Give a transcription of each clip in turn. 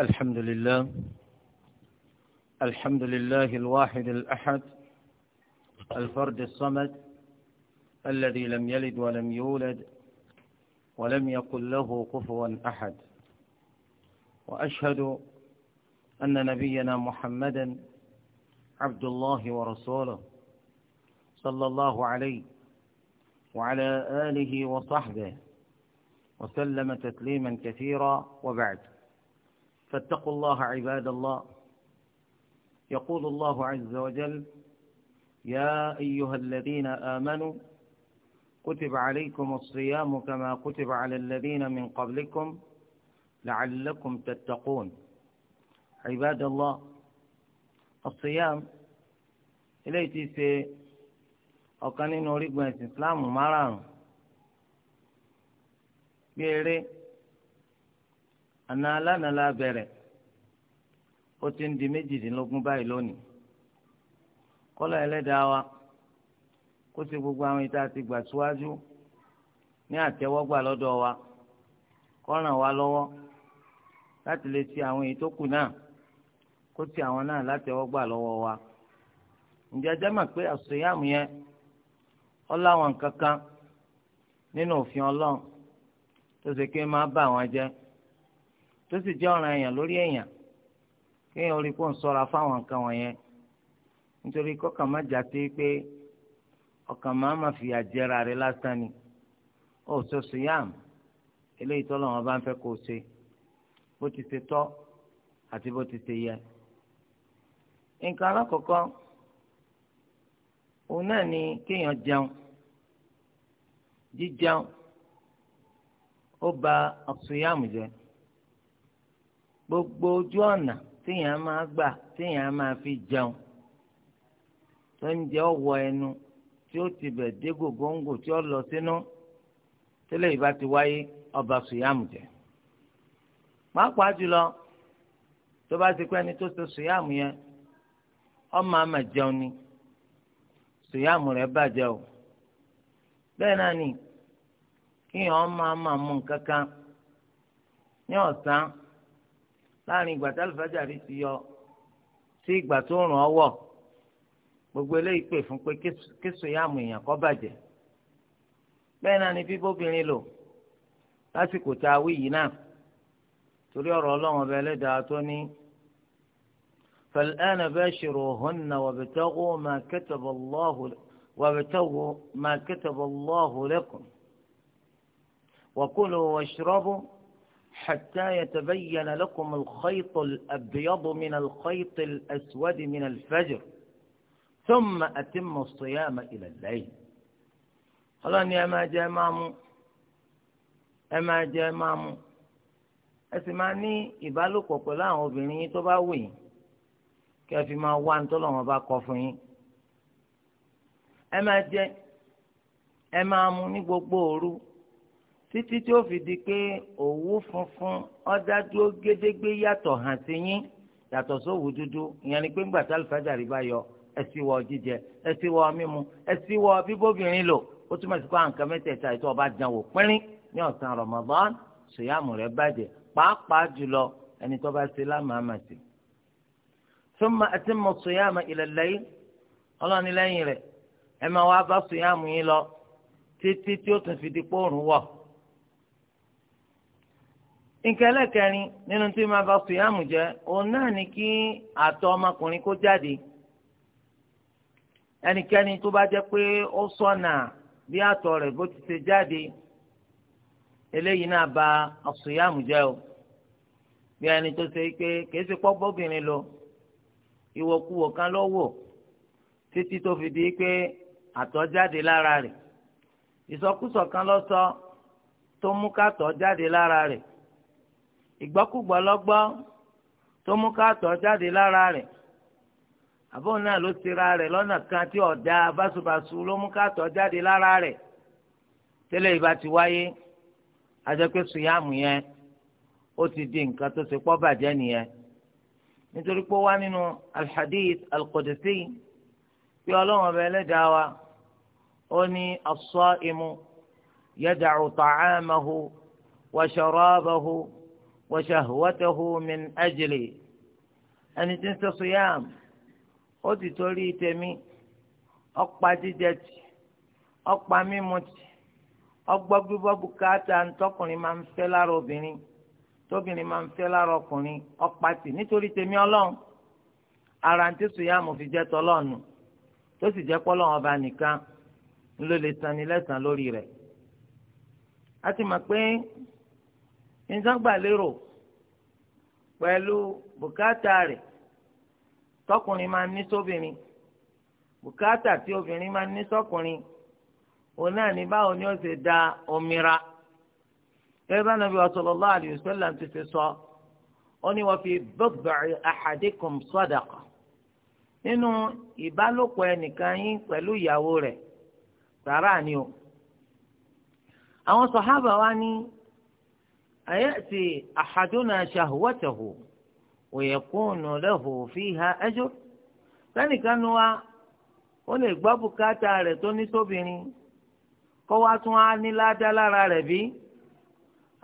الحمد لله الحمد لله الواحد الأحد الفرد الصمد الذي لم يلد ولم يولد ولم يقل له كفوا أحد وأشهد أن نبينا محمدا عبد الله ورسوله صلى الله عليه وعلى آله وصحبه وسلم تسليما كثيرا وبعد فاتقوا الله عباد الله يقول الله عز وجل يا أيها الذين آمنوا كتب عليكم الصيام كما كتب على الذين من قبلكم لعلكم تتقون عباد الله الصيام eléyìí ṣe أو كان orígun ẹ̀sìn الإسلام marun بيري ana alánà la bere o ti ń di méjìdínlógún báyìí lónìí kọ́lọ̀ ẹlẹ́dàá wa kó gbogbo àwọn ìta ti gbà síwájú ní àtẹ́wọ́gbà lọ́dọ̀ wa kó wa wá lọ́wọ́ láti lè ti àwọn èyí tó kù náà kó ti àwọn náà látẹ́wọ́gbà lọ́wọ́ wa ǹjẹ́ ẹjẹ́ mọ̀ pé àsòyàmù yẹn ó láwọn kankan nínú òfin ọlọ́run tó ṣe pé máa bá àwọn jẹ́ tó sì jẹ́ ọ̀ràn èèyàn lórí èèyàn kéèyàn orí kó ń sọra fáwọn nǹkan wọ̀nyẹn nítorí kọ́kàn má jáde pé ọkàn máa ma fìyà jẹra rẹ lásán ni ó sọ síyàm eléyìí tó lọ́wọ́ bá ń fẹ́ kó o ṣe bó ti ṣe tọ́ àti bó ti ṣe yẹ. nǹkan alákọ̀ọ́kọ́ òun náà ni kéèyàn jẹun jíjẹun ó ba ọ̀sùnyàmù jẹ́ gbogbo ojú ọ̀nà téèyàn máa gbà téèyàn máa fi jẹun tó ń jẹ ọwọ́ ẹnu tí ó ti bẹ̀ dé gògóńgò tí ó lọ sínú tẹ́lẹ̀ ìbá ti wáyé ọba suyam je pàápàá jùlọ tó bá ti pẹ́ ni tó ṣe sùyàmù yẹn ọmọ àmà jẹun ni sùyàmù rẹ̀ bàjẹ́ o bẹ́ẹ̀ náà ni kíyàn ọmọ àmà mú nǹkan kan ní láàrin ìgbà tí alifájàrí ti yọ sí ìgbà tó ràn ọ́ wọ̀ gbogbo eléyìí pè fún pé késo yá mú èèyàn kó bàjẹ́ bẹ́ẹ̀ náà ni bíbóbìnrin lò lásìkò tá a wí yìí náà torí ọ̀rọ̀ ọlọ́run ọba ẹlẹ́dàá tó ní فالآن باشروهن وابتغوا ما كتب الله وابتغوا ما كتب الله لكم وكلوا واشربوا حتى يتبين لكم الخيط الأبيض من الخيط الأسود من الفجر ثم أتم الصيام إلى الليل ọlọ́ni ẹ máa jẹ máa mu ẹ máa jẹ máa mu ẹ sì máa ní ìbálòpọ̀ pẹ̀lú àwọn obìnrin yín tó bá wù yín kí ẹ fi máa wá nítorí wọn bá kọ fún yín ẹ máa jẹ ẹ máa mu ní gbogbo òru títí tí ó fi di pé òwú funfun ọ̀dájú gédégbé yàtọ̀ hàn sí yín yàtọ̀ sówù dúdú ìyẹn ni pé ńgbà tí alifájàrí bá yọ ẹ sì wọ jíjẹ ẹ sì wọ mímu ẹ sì wọ bíbóbìnrin lò ó túmọ̀ sí pé àǹkà mẹ́tẹ̀ẹ̀ta ètò ọba dán wò pínrín ní ọ̀sán Ramadan sòyàmù rẹ̀ bàjẹ́ pàápàá jùlọ ẹni tó bá ṣe lámàmà sí. thumma atimmu sòyàmù ila al-layl nǹkan ẹlẹ́kẹrin nínú tí ma bá sùyàmù jẹ́ òun náà ni kí àtọ̀ ọmọkùnrin kó jáde ẹnikẹ́ni tó bá pe pé ó na bí àtọ̀ rẹ bó ti ṣe jáde eléyìí náà ba àsùyàmù jẹ́ o bí ẹni tó ṣe pé kìí ṣe pọ́ bóbìnrin lọ ìwòkuwò kan ló wò títí tó fi di pé àtọ̀ jáde lára rẹ̀ ìsọkúsọ kan ló sọ tó mú kàtọ̀ jáde lára rẹ̀. ìgbọ́kùgbọ́ lọ́gbọ́ tó mú káàtọ̀ jáde lára rẹ̀ àbóhùn náà ló tira rẹ̀ lọ́nà kan tí ọ̀dà báṣubàṣu ló mú káàtọ̀ jáde lára rẹ̀ tẹ́lẹ̀ ìbá ti wáyé àjẹpẹ́ sùyàmù yẹn ó ti di nǹkan tó ṣe pọ́ bàjẹ́ nìyẹn nítorí pé ó wá nínú alhadith alqudsi pé ọlọ́run ọba ẹlẹ́dàá wa ó ní as-sa'imu yada'u ta'amahu wa sharabahu wa shahwatahu min ajli ẹni tí ń ṣe siyam ó ti torí tèmi ọ̀pá jíjẹ tì ọ̀pá mímu tì ọgbọ́gbígbọ́ bùkátà ntọ́kùnrin máa ń fẹ́ lára obìnrin tóbìnrin máa ń fẹ́ lára ọkùnrin ọ̀pá tì nítorí tèmi ọlọ́run ara ń tẹ̀sùn yá mo fi jẹ́ tọ́lọ́ọ̀nù tó sì jẹ́ pọ́lọ́ọ̀n ọba nìkan ló lè sanni lẹ́sàn-án lórí rẹ̀. a ti mọ̀ pé nǹkan gbà lérò pẹ̀lú bùkátà rẹ̀ tọkùnrin máa ní sóbìnrin bùkátà tí obìnrin máa ní sọkùnrin òun náà ní báwo ni ó ṣe da omira gẹ́gẹ́ bá nàbí sallallahu alayhi wa sallam ti ṣe sọ ó ní wa fi bid'i ahadikum sadaqa nínú ìbálòpọ̀ ẹnìkan yín pẹ̀lú ìyàwó rẹ̀ sàrà ni o àwọn sàhábà wa ní. أيأتي أحدنا شهوته ويكون له فيها أجر ثاني كان هو ولي بابو كاتا رتوني توبيني كواتو عني لا دلال ربي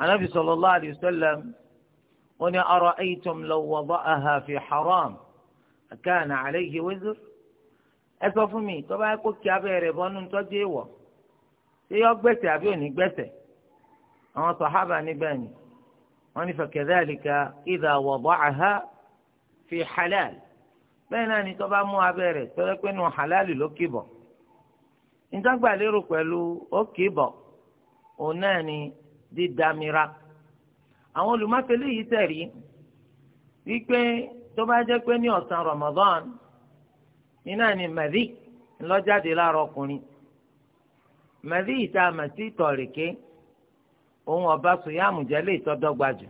النبي صلى الله عليه وسلم قل أرأيتم لو وضعها في حرام كان عليه وزر أسفمي طبعا يقول كابير بانون تجيوه يقول بسي أبيوني بسي àwọn sàhábà nígbà ni wọ́n ní fakadhalika idha wada'aha fi halal bẹ́ẹ̀ náà ni tó bá mú abẹ́rẹ́ tọ́lẹ́ pé nù halal ló kìbọ̀ ìjọba lérò pẹ̀lú ó kìbọ̀ òun náà ni dídámira àwọn olùmọ̀tẹ́lẹ̀ yìí tẹ̀rí wípé tó bá jẹ́ pé ní ọ̀sán Ramadan iná ni mẹ́rì ńlọ́jáde lára ọkùnrin mẹ́rì ìta mẹ́tì tọ̀rìkẹ́ òun ọba sùyàmù jẹ́ lè tọ́dọ́gba jù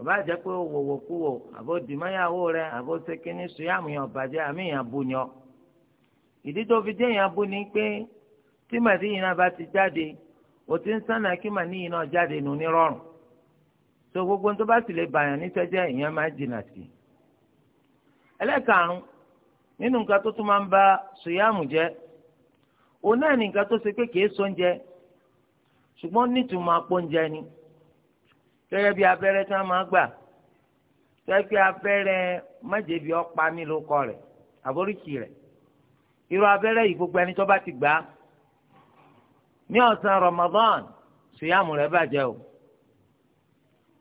ọba jẹ́ pé wòwò kúwò àbó dìmọ́yàwó rẹ àbó sekínì sùyàmù ya ọba jẹ́ àmì bu ọ ìdí tó fi bu ni pé tí màdí yìí ti jáde ó ti ń sànà kí màdí yìí náà jáde nù ní so gbogbo tó bá sì lè bàyàn nítẹ́jẹ́ ìyẹn máa sí i ẹlẹ́karùn nínú nǹkan tó tún máa ń ṣùgbọ́n nítumọ̀ apóúnjẹ ni gẹ́gẹ́ bí abẹ́rẹ́ tí wọ́n máa gbà gẹ́gẹ́ abẹ́rẹ́ májèbí ọ̀pá mi ló kọ rẹ̀ àbóríkì rẹ̀ irú abẹ́rẹ́ yìí gbogbo ẹni tó bá ti gbà á ní ọ̀sán Ramadan ṣìyàmù rẹ̀ bàjẹ́ o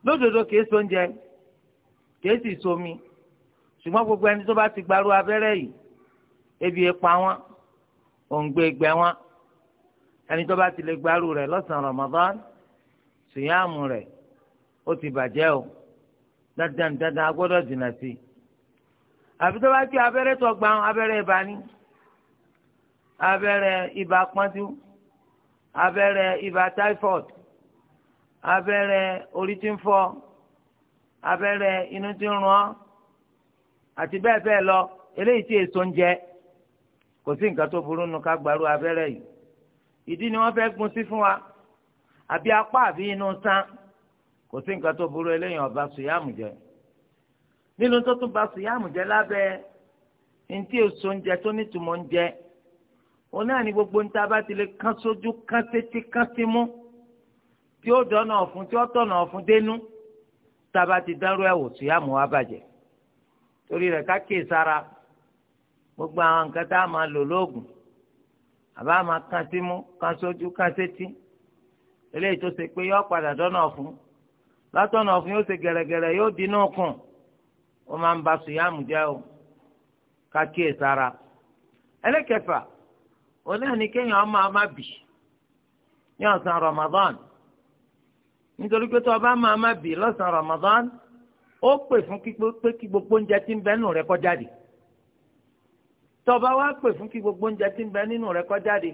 lódodo kìí sóúnjẹ kìí sì sómi ṣùgbọ́n gbogbo ẹni tó bá ti gbarú abẹ́rẹ́ yìí ebi epa wọn òǹgbẹ wọn ẹni tó bá ti lè gbárù rẹ̀ lọ́sàn-án Ramadan sùyàmù rẹ̀ ó ti bàjẹ́ o dandan dandan a gbọ́dọ̀ dìnnà sí i àfi tó bá ti abẹ́rẹ́ tó gbà abẹ́rẹ́ ibà ní abẹ́rẹ́ ibà pọ́njú abẹ́rẹ́ ibà typhoid abẹ́rẹ́ orí tí ń fọ́ abẹ́rẹ́ inú tí ń rún àti bẹ́ẹ̀ bẹ́ẹ̀ lọ eléyìí tí èso ń jẹ kò sí nǹkan tó burú nu ká gbàrú abẹ́rẹ́ yìí ìdí ni wọ́n fẹ́ gun sí fún wa àbí apá àbí inú sán kò sí nǹkan tó burú eléyìí ọba sùyàmù jẹ nínú tó tún ba sùyàmù jẹ lábẹ́ ntí èso oúnjẹ tó nítumọ̀ oúnjẹ òun náà ni gbogbo níta bá ti lè kán sójú kán sétí kán símú tí ó dọ́nà ọ̀fun tí ó tọ̀nà ọ̀fun dénú tába ti dárú ẹ̀wò sùyàmù wa bàjẹ́ torí rẹ̀ ká kíyèsára gbogbo àwọn nǹkan tá a máa lò lóògùn àbá máa kàn sí mú kàn sójú kàn sétí eléyìí tó ṣe pé yóò padà dọ́nà ọ̀fun látọ̀nà ọ̀fun yóò ṣe gẹ̀rẹ́gẹ̀rẹ́ yóò dínú kùn ó máa ń o ká sára ẹlẹ́kẹfà òun náà ní kéèyàn ọmọ ọmọ bì ní ọ̀sán Ramadan nítorí pé tó máa má bì lọ́sàn Ramadan ó pè fún kí gbogbo tọba wá pè fún kí gbogbo oúnjẹ tí ń bẹ nínú rẹ kó jáde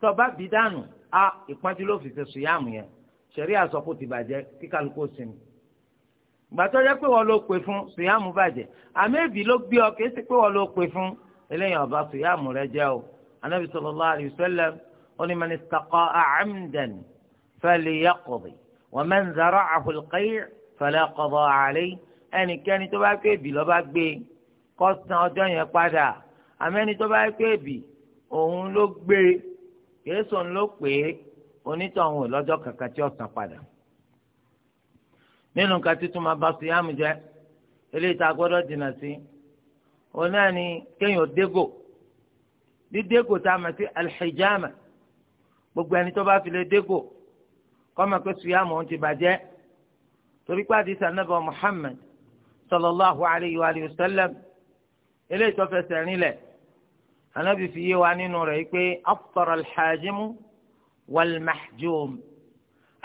tọba bí dànù a ìpọ́njú ló fi fẹ̀sùn yáàmù yẹn sẹ̀rí àsọ̀kù ti bàjẹ́ kí kálukú sinmi gbàtọ́ jẹ́ pé wọ́n ló pè fún sùyàmù bàjẹ́ àmẹ́bí ló gbé ọ kìí ṣe pé wọ́n ló pè fún eléyìí ọba sùyàmù rẹ jẹ́ o anabi sallallahu alayhi wa sallam ó ní man istaqa'a amdan falyaqdi wa man zara'ahu al-qay' fala qada alayhi ẹnikẹ́ni tó bá gbé bì lọ́ba gbé kó san yẹn padà àmẹ́ni tó bá pé èbì òun ló gbé kèésùn ló pè é onítọ̀hún lọ́jọ́ kankan tí ó san padà nínú nǹkan tuntun máa bá sùyàmù jẹ eléyìí tá a dènà sí òun náà ni kéèyàn dégò dídégò tá a alhijama gbogbo ẹni tó bá fi dégò kọ́mọ pé suyamu ti bàjẹ́ torí pé àdìsí alayhi wa sallam eléyìí tó fẹsẹ̀ rinlẹ̀ anábì fi yé wa nínú rẹ̀ pé aftara alhajimu walmahjum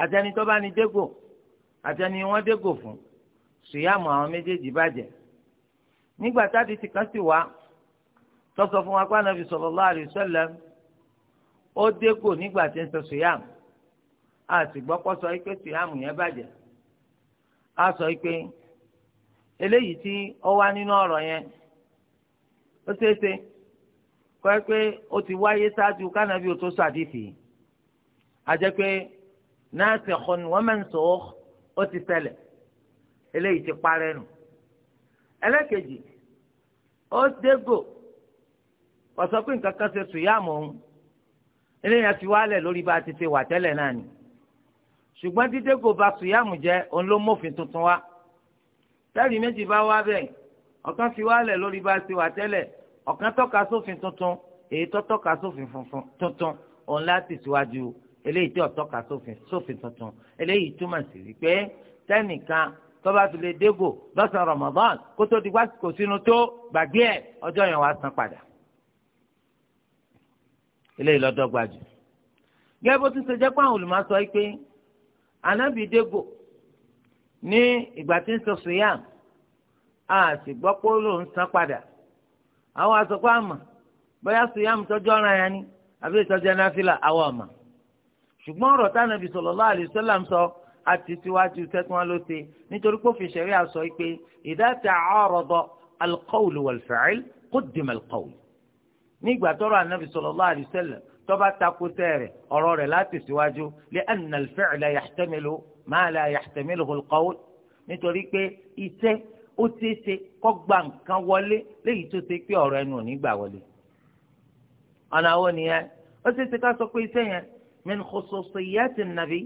àtẹni tó bá ní dégò àtẹni wọ́n dégò fún sùyàmù àwọn méjèèjì bàjẹ́ nígbà táàdì ti kàn sí wa tó sọ fún wa pé anábì sallallahu alaihi wasallam ó dégò nígbà tí ń sọ sùyàmù a sì gbọ́ pọ́ sọ pé sùyàmù yẹn bàjẹ́ a sọ pé eléyìí tí ó wá nínú ọ̀rọ̀ yẹn ó ṣeé ṣe kọ́ pé ó ti wáyé ṣáájú kánábì ó tó sọ àdìsí àjẹ́ pé nasikhun wa mansukh ó ti ṣẹlẹ̀ eléyìí ti parẹ́ nù ẹlẹ́kejì ó dégò ọ̀sọ́ pé nǹkan kan ṣe sùyàmù òun eléyìí àti wálẹ̀ lórí bá a ti ṣe wà tẹ́lẹ̀ náà ni ṣùgbọ́n dídégò bá sùyàmù jẹ́ òun ló mófin tuntun wá tẹ́lẹ̀ méjì bá wá bẹ́ẹ̀ ọ̀kan fi wálẹ̀ lórí bá a ṣe wà tẹ́lẹ̀ ọ̀kan tọ́ka sófin tuntun èyí tó tọ́ka sófin funfun tuntun òun láti síwájú eléyìí tí ó tọ́ka sófin sófin tuntun eléyìí túmọ̀ sí wípé tẹ́nìkan tọ́ba fi lè dégò lọ́sàn-án Ramadan kó tó di wásìkò sínú tó gbàgbé ẹ̀ ọjọ́ yẹn wàá san padà eléyìí lọ́dọ́ gbajù. gẹ́gẹ́ bó ti ṣe jẹ́ pé àwọn olùmọ̀sọ yìí pé anábì dégò ní ìgbà tí ń sọ sùyàm a sì gbọ́ pé san padà àwọn asọ̀kọ́ àmà bóyá sùyàmù tọ́jú ọ̀ràn yẹn ni àbí ìtọ́jú ẹ̀ náfìlà àwọn àmà ṣùgbọ́n ọ̀rọ̀ tánàbì sallallahu alaihi wasallam sọ àti tiwájú sẹ́kùn wọn ló ṣe nítorí pé òfin ṣẹ̀rí àṣọ pé idha ta'arada al-qawl wal-fi'l quddima al-qawl nígbà tọ́rọ̀ ànábì sallallahu alaihi wasallam tó bá takò sẹ́rẹ̀ ọ̀rọ̀ rẹ̀ láti síwájú li'anna al-fi'la yahtamilu ma la yahtamiluhu al nítorí pé iṣẹ́ ó ṣeéṣe kó gba nǹkan wọlé léyìí tó ṣe pé ọ̀rọ̀ ẹnu ò ní gbà wọlé ọ̀nà wo nìyẹn ó ṣeéṣe ká sọ pé iṣẹ́ yẹn min khususiyyati an-nabi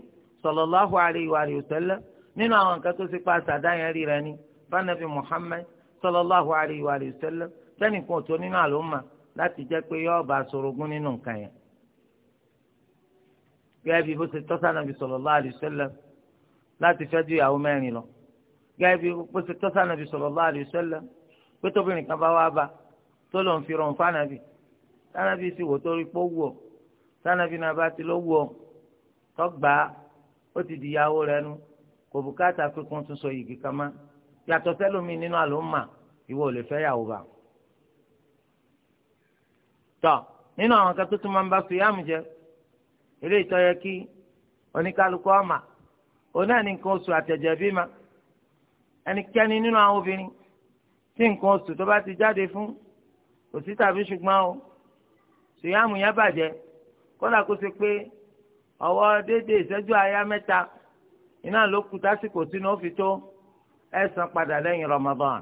sallallahu alayhi wa sallam nínú àwọn nǹkan tó ṣe pa àṣàdáyẹn rí rẹ ni fanabi Muhammad sallallahu alayhi wa sallam sẹ́ni kan tó nínú àlùmọ́ láti jẹ́ pé yọ́ọ́ gẹ́gẹ́ bí bó ṣe tọ́ sànàbì sallallahu alaihi wasallam pé tóbìnrin kan bá wá bá tó lọ́n fi rọ̀n fànàbì sànàbì sì wò tó rí pé ó wù ọ́ sànàbì náà bá ti ló wù ọ́ tọ́gbà ó ti di ìyàwó rẹ nu kò bùkátà pé kó tún sọ yìgì kan mọ́ yàtọ̀ sẹ́lómi nínú àlùmà ìwọ ò lè fẹ́ yàwó bá. tọ́ nínú àwọn kan tó tún máa ń bá fìyàmù jẹ eré ìtọ́yẹ kí oníkálukú ọmọ òun náà ní nǹkan oṣù àtẹ̀jẹ̀ bí máa ẹnikẹ́ni nínú àwọn obìnrin tí nǹkan oṣù tó bá ti jáde fún kò sí tàbí ṣùgbọ́n o ṣèyàmù yẹn bàjẹ́ kódà kó ṣe pé ọwọ́ déédéé ìṣẹ́jú àyá mẹ́ta iná ló kù tásìkò sínú ó tó ẹ padà lẹ́yìn Ramadan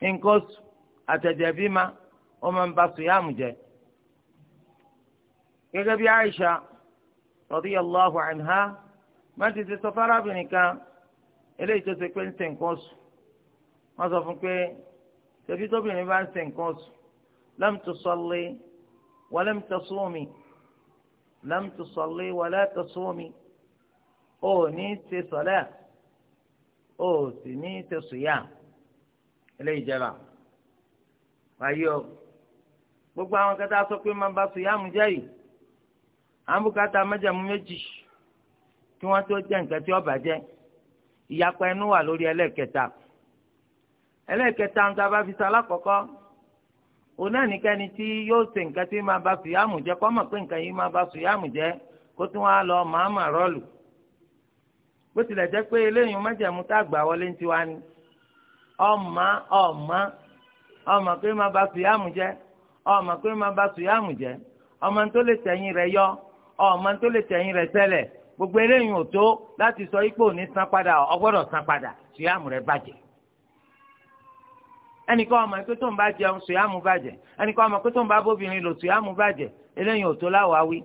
nǹkan oṣù àtẹ̀jẹ̀ bí ma wọ́n máa ń ba ṣèyàmù jẹ́ gẹ́gẹ́ bí Aisha radiyallahu anha má ti ṣe sọ fárábìnrin kan eléyìí tó ṣe pé ń ṣe nǹkan oṣù wọ́n sọ fún pé tẹ̀bí tóbìnrin bá ń ṣe nǹkan oṣù lam tusalli wa lam tasumi lam tusalli wa la tasumi ò ní ṣe sọ̀lẹ́ ò sì ní ṣe sùyà eléyìí jẹba wáyé o gbogbo àwọn kẹta sọ pé máa bá sùyà mú jẹ́ yìí àwọn bùkátà májàmú méjì kí wọ́n tó jẹ́ nǹkan tí ó bàjẹ́ ìyapa ẹnu wà lórí ẹlẹ́ẹ̀kẹta ẹlẹ́ẹ̀kẹta ń sábà fi sálá kọ́kọ́ òun náà nìkẹ́ni tí yóò ṣe nǹkan tí máa bá sùyàmù jẹ kọ́ pé nǹkan yìí máa bá sùyàmù jẹ kó tún wá lọ màámà rọ́ọ̀lù bó tilẹ̀ jẹ́ pé eléyìí tá wọlé ń tiwa ni ọmọ pé máa bá jẹ ọmọ jẹ ọmọ tẹ̀yìn rẹ̀ ọmọ tẹ̀yìn gbogbo eléyìí ò tó láti sọ ipò ní san padà ọ gbọ́dọ̀ san padà rẹ bàjẹ́ ẹnìkan ọmọ pé ń bá jẹun sùyàmù bàjẹ́ ẹnìkan ọmọ pé ń bá bóbìnrin lò sùyàmù bàjẹ́ eléyìí ò tó láwàáwí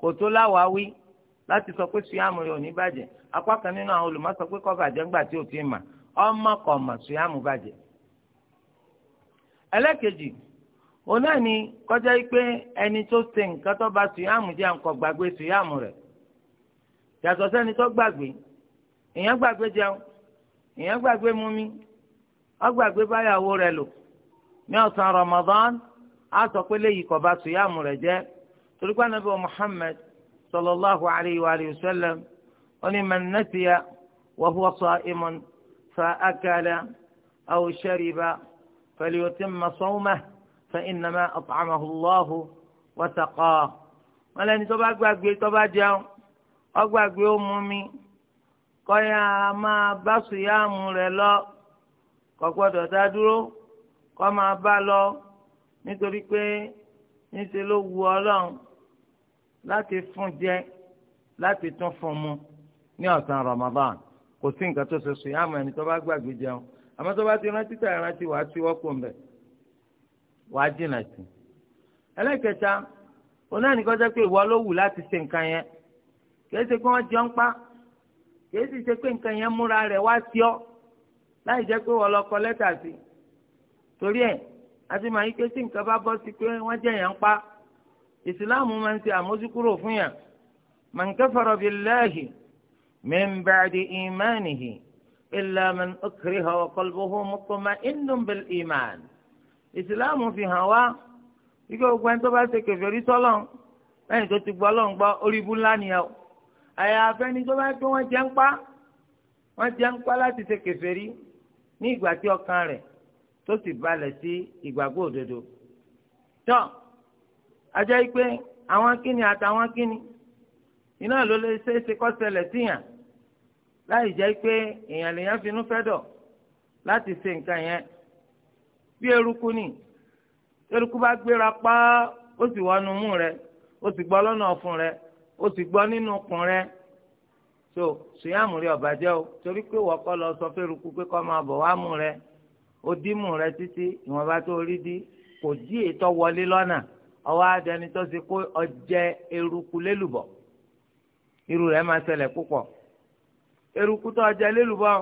kò tó láti sọ pé sùyàmù rẹ ò ní bàjẹ́ apá kan nínú àwọn sọ pé bàjẹ́ ti mà ọmọ kọ̀ mà òun náà ni kọjá yìí pé ẹni tó nǹkan tó yàtọ̀ sẹ́ni tó gbàgbé èèyàn gbàgbé jẹun èèyàn gbàgbé mumi ó gbàgbé báyàwó rẹ̀ lò ní ọ̀sán Ramadan á sọ pé léyìí kò bá sùyàmù rẹ̀ jẹ́ torí pé anabi Muhammad sallallahu alayhi wa sallam ó ní man nasiya wa huwa sa'imun fa akala aw shariba falyutimma sawmahu fa innama at'amahu Allahu wọn lẹni tó bá gbàgbé tó bá jẹun ọgbàgbé ó mú mi kọ́yà máa bá sùyàmù rẹ̀ lọ kò gbọ́dọ̀ dá dúró kó máa bá lọ nítorí pé níṣẹ́ ló wu ọlọ́run láti fún jẹ láti tún fún mu ní ọ̀sán Ramadan kò sí nǹkan tó ṣe sùyàmù ẹni tó bá gbàgbé jẹun àmọ́ tó bá ti rántí tà rántí wàá tí wọ́pọ̀ mbẹ̀ wàá jìnnà sí i ẹlẹ́kẹta onáà ní kọjá pé ìwọ ló wù láti ṣe nǹkan yẹn kìí ṣe pé wọ́n jọ ń pa kìí sì ṣe pé nǹkan yẹn múra rẹ̀ wá sí ọ láì jẹ́ pé wọ́n lọ kọ lẹ́tà sí torí ẹ̀ àti màá yí pé tí nǹkan bá bọ́ sí pé wọ́n jẹ́ yẹn ń pa ìsìláàmù máa ń ṣe àmójúkúrò fún yàn man kafara billahi min ba'di imanihi illa man ukriha wa qalbuhu mutma'innun bil iman ìsìláàmù fi hàn wá wípé gbogbo ẹni tó bá ṣe kèfèrí sọ́lọ́n lẹ́yìn tó ti gbọ́ lọ́n gbọ́ orí ibú ńlá nìyẹn àyàfẹ́ ni tó bá pé wọ́n jẹ́ ń pa wọ́n jẹ́ ń pa láti ṣe kèfèrí ní ìgbà tí ọkàn rẹ̀ tó sì balẹ̀ sí ìgbàgbọ́ òdodo. tọ́ ajẹ́ pé àwọn kíni àtàwọn kíni iná ló lè ṣe é ṣe kó ṣẹlẹ̀ síyàn láì jẹ́ pé èèyàn lèèyàn finú fẹ́ dọ̀ láti ṣe nǹkan yẹn bí eruku ni eruku bá gbéra pa ó sì wọnú mú rẹ ó sì gbọ́ lọ́nà ọ̀fun rẹ o sì gbọ́ nínú ọkùn rẹ so sùyàmù rẹ ọ̀bàjẹ́ o torí pé wọ́n kọ́ lọ sọ fẹ́rukú pé kọ́ máa bọ̀ wá mú rẹ o dí mú rẹ títí ìwọ̀nba tó rí dí kò dí ètò wọlé lọ́nà ọwọ́ adẹni tó ti kó ọjẹ eruku lélùbọ̀ irú rẹ máa ṣẹlẹ̀ púpọ̀ eruku tó ọjẹ lélùbọ̀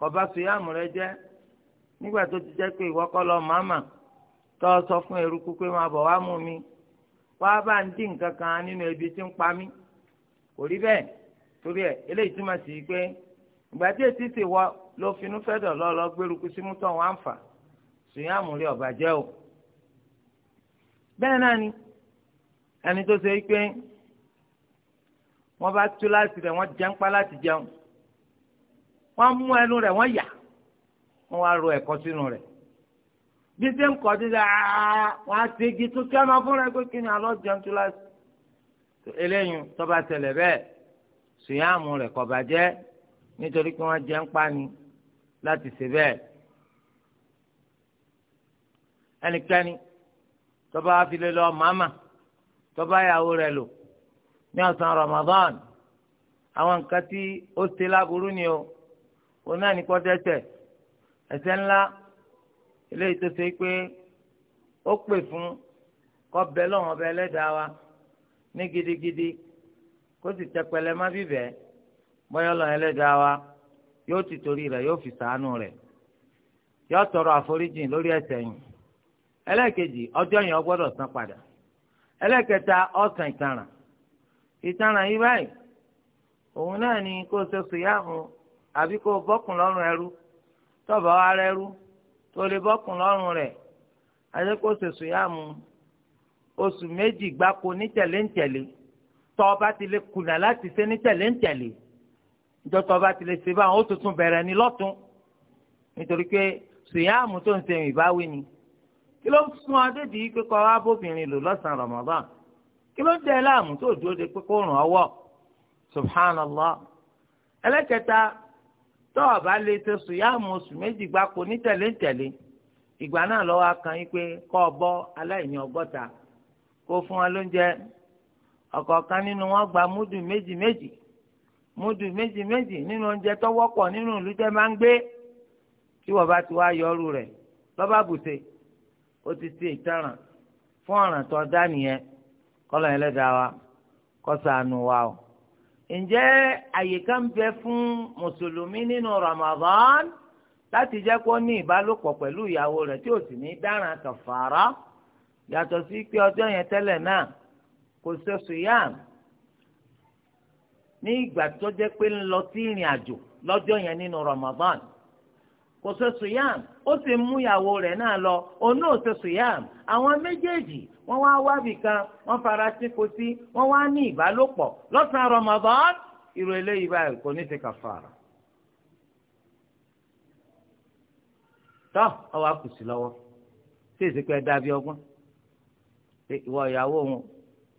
kò sùyàmù rẹ jẹ́ nígbà tó ti jẹ́ pé ìwọ́kọ́ lọ màmá tó sọ fún eruku pé máa bọ̀ wá mú mi wá bá ń dín nǹkan kan nínú ebi tí ń pa mí kò rí bẹ́ẹ̀ torí ẹ̀ eléyìí túmọ̀ sí i pé ìgbà tí ètí ti wọ ló finú fẹ́dọ̀ lọ́lọ́ gbérùkú símú tán wá ń fà sùnyá àmúrí ọ̀bàjẹ́ o bẹ́ẹ̀ náà ni ẹni tó ṣe pé wọ́n bá tú láti rẹ̀ wọ́n jẹ́ ń pa láti jẹun wọ́n mú ẹnu rẹ̀ wọ́n yà wọ́n wá ro ẹ̀kọ́ sínú rẹ̀ bí sẹ́ń kọ́ ti sẹ́ wọ́n á tẹ́gi tó kí ọmọ fúnra pé kí ni àlọ́ jẹun tó láti. eléyìí tọ́ba tẹ̀lẹ̀ bẹ́ẹ̀ sùnyàmù rẹ̀ kọ́ bàjẹ́ nítorí pé wọ́n jẹ́ ń pani láti ṣe bẹ́ẹ̀. ẹnikẹ́ni tọ́ba afilé lọ màmá tọ́ba ìyàwó rẹ̀ lò ní ọ̀sán Ramadan àwọn nǹkan tí ó ṣe láburú ni o òun náà ní kọ́ dẹ́ṣẹ̀ ẹ̀ṣẹ̀ ńlá. eléyìí tó ṣe pé ó pè fún kọbẹ lọ́wọ́n ọbẹ̀ wa ní gidigidi kó sì tẹpẹlẹ má bíbẹ̀ bọ́yọ̀ lọ́wọ́ ẹlẹ́dàá wa yóò ti torí rẹ̀ yóò fi sàánú rẹ̀ yóò tọrọ àforíjì lórí yìí ẹlẹ́ẹ̀kejì ọjọ́ yẹn san padà ẹlẹ́ẹ̀kẹta ọ̀sán ìtanràn ìtanràn yìí báyìí òun náà ni kó o ṣe sùn abiko àbí kó o bọ́kùn tó lè bọ́kùn lọ́rùn rẹ̀ àti kó ṣe sùyàmù oṣù méjì gbáko ní tẹ̀léńtẹ̀lé tó o bá ti lè kùnà láti ṣe ní tẹ̀léńtẹ̀lé ìjọ tó o bá ti lè ṣe báwọn ó tuntun bẹ̀rẹ̀ ní lọ́tún nítorí pé sùyàmù tó ń ṣe ìbáwí ni kí ló sún adédìí pé kọ́ wá lò lọ́sàn-án Ramadan kí ló dé láàmú tó dúró de pé kó ràn ọwọ́ subhanallah ẹlẹ́kẹta. tó o bá lè ṣe sùyàmù oṣù méjì gbáko ní tẹ̀léńtẹ̀lé ìgbà náà lọ́wọ́ akàn yín pé ọ bọ́ aláìní ọgọ́ta kó fún wa lóúnjẹ ọ̀kọ̀ọ̀kan nínú wọn gba múdù méjì méjì múdù méjì méjì nínú oúnjẹ nínú ìlú máa ń gbé tí wọ́n bá ti wá yọrù fún ọ̀ràn tó dá nìyẹn lẹ́dàá o. ǹjẹ́ àyíká ń bẹ fún mùsùlùmí nínú Ramadan láti jẹ́ kó ní ìbálòpọ̀ pẹ̀lú ìyàwó rẹ̀ tí ò sì ní dáràn kàfàrà yàtọ̀ sí pé ọjọ́ yẹn tẹ́lẹ̀ náà kò ṣe sùyàm ní ìgbà tó jẹ́ pé ń lọ sí ìrìn àjò lọ́jọ́ yẹn nínú Ramadan kò ṣe sùyàm ó sì mú ìyàwó rẹ̀ náà lọ òun náà ṣe sùyàm àwọn méjèèjì wọ́n wá wábì kan wọ́n fara síko sí wọ́n wá ní ìbálòpọ̀ lọ́sàn-án Ramadan irú eléyìí báyìí kò ní ti kàfàrà. tọ́ ọwọ́ àkùsì lọ́wọ́ tí èsì pé dábìí ọgbọ́n ìwọ ìyàwó òun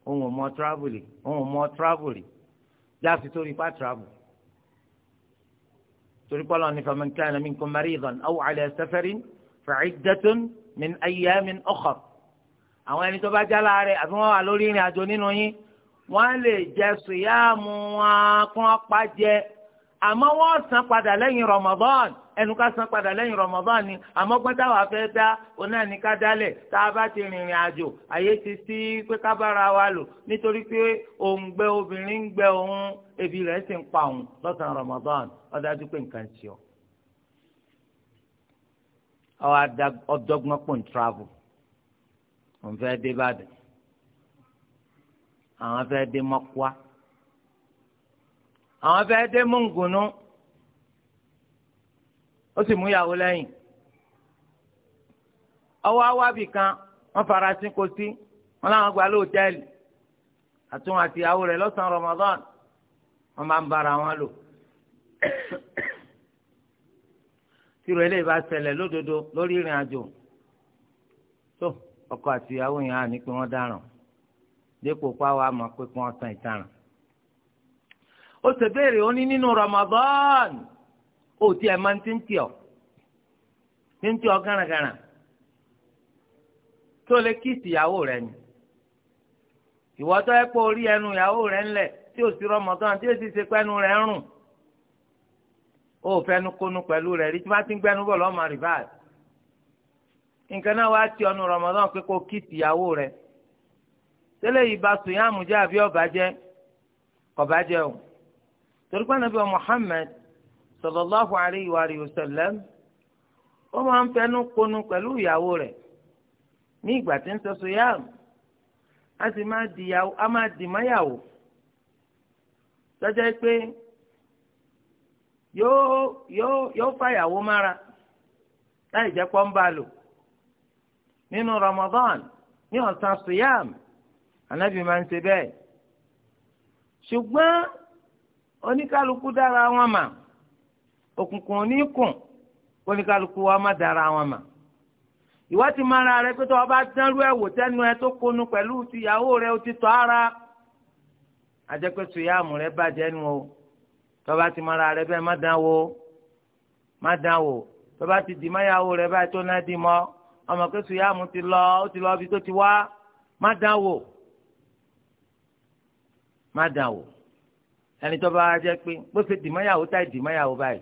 òun ò mọ tíráàbùlì òun ò mọ tíráàbùlì jáfi torí pa tíráàbùlì torí pé ọlọ́run ní faman kana minkum maridan aw ala safarin fa'iddatun min ayyamin ukhar àwọn ẹni tó bá já láàárẹ̀ àbí wọ́n wà lórí ìrìn àjò nínú yín wọ́n lè jẹ sùyàmù wọn kún ọ̀pá jẹ àmọ́ wọ́n san padà lẹ́yìn Ramadan ẹnu ká san padà lẹ́yìn Ramadan ni àmọ́ pé táwa fẹ́ dá oná ní ká dálẹ̀ tá a bá ti rìnrìn àjò àyè ti sí pé ká bára wa lò nítorí pé òǹgbẹ obìnrin ń gbẹ òun ebi rẹ̀ sì ń pa òun lọ́sàn-án Ramadan ọ̀dájú pé nǹkan ti ọ̀ ọ̀dọ́gbọ́n pò ń travel òun fẹ́ dé Ìbàdàn àwọn fẹ́ dé Mọ́kúá àwọn fẹ́ dé Mọ́ngùnú ó sì mú ìyàwó lẹ́yìn ọwọ́ awábì kan wọ́n fara sí kò sí wọ́n láwọn gba lóòtẹ́ẹ̀lì àtúnwò àti ìyàwó rẹ̀ lọ́sàn-án Ramadan wọ́n máa ń bára wọn lò tìrò eléyìí bá ṣẹlẹ̀ lódodo lórí ìrìn àjò tó ọkọ àti ìyàwó yẹn á ní pé wọ́n dáràn dípò pàwọ́ àmọ́ pé kí wọ́n san ìtaràn ó ṣèbéèrè ó ní nínú Ramadan. O ti ẹ̀ máa ń ti ń tì ọ́ ti ń tì ọ́ gánragánra tó lè kíìsì ìyàwó rẹ ni ìwọ́tọ́ ẹ pé orí ẹnu ìyàwó rẹ ńlẹ̀ tí ò sí rọmọdán tí èsì ṣe pẹ́nu rẹ ń rùn ó fẹ́nu kónú pẹ̀lú rẹ rí tí wọ́n ti ń gbẹ́nu bọ̀ lọ́mọ rìbáàsì nǹkan náà wá ti ọnu rọmọdán pé kó kíìsì ìyàwó rẹ tẹ́lẹ̀ yìí sùn yá àmùjẹ́ àbí ọ̀bàjẹ́ kọ̀bàjẹ́ o torí pé ànábì Muhammad sallallahu alayhi wa sallam ó máa ń fẹnu konu pẹ̀lú ìyàwó rẹ̀ ní ìgbà tí ń sọsọ yá a sì máa di yàwó a máa dì máyàwó tọ́jà pé yóò yóò yóò fàyàwó mára láì jẹ́ pọ́n bá lò nínú Ramadan ní ọ̀sán suyam anabi máa ń ṣe bẹ́ẹ̀ ṣùgbọ́n oníkálukú dára wọn mà òkùnkùn oníkùn oníkálukú wa má dara wọn mà ìwọ ti máa ra rẹ pé tó o bá dánrú ẹ wò tẹnu ẹ tó konu pẹ̀lú tìyàwó rẹ o ti tọ́ ara àjẹpẹ́ sùyàmù rẹ bàjẹ́ nu o tó o bá ti máa ra rẹ bẹ́ẹ̀ má dán wò má dán wò tó o bá ti dì máyàwó rẹ báyìí tó náà dì mọ́ ọmọ pé sùyàmù ti lọ ó ti lọ ibi tó ti wá má dán wò má dán wò ẹni tó bá jẹ́ pé bó ṣe dì máyàwó táì dì máyàwó báyìí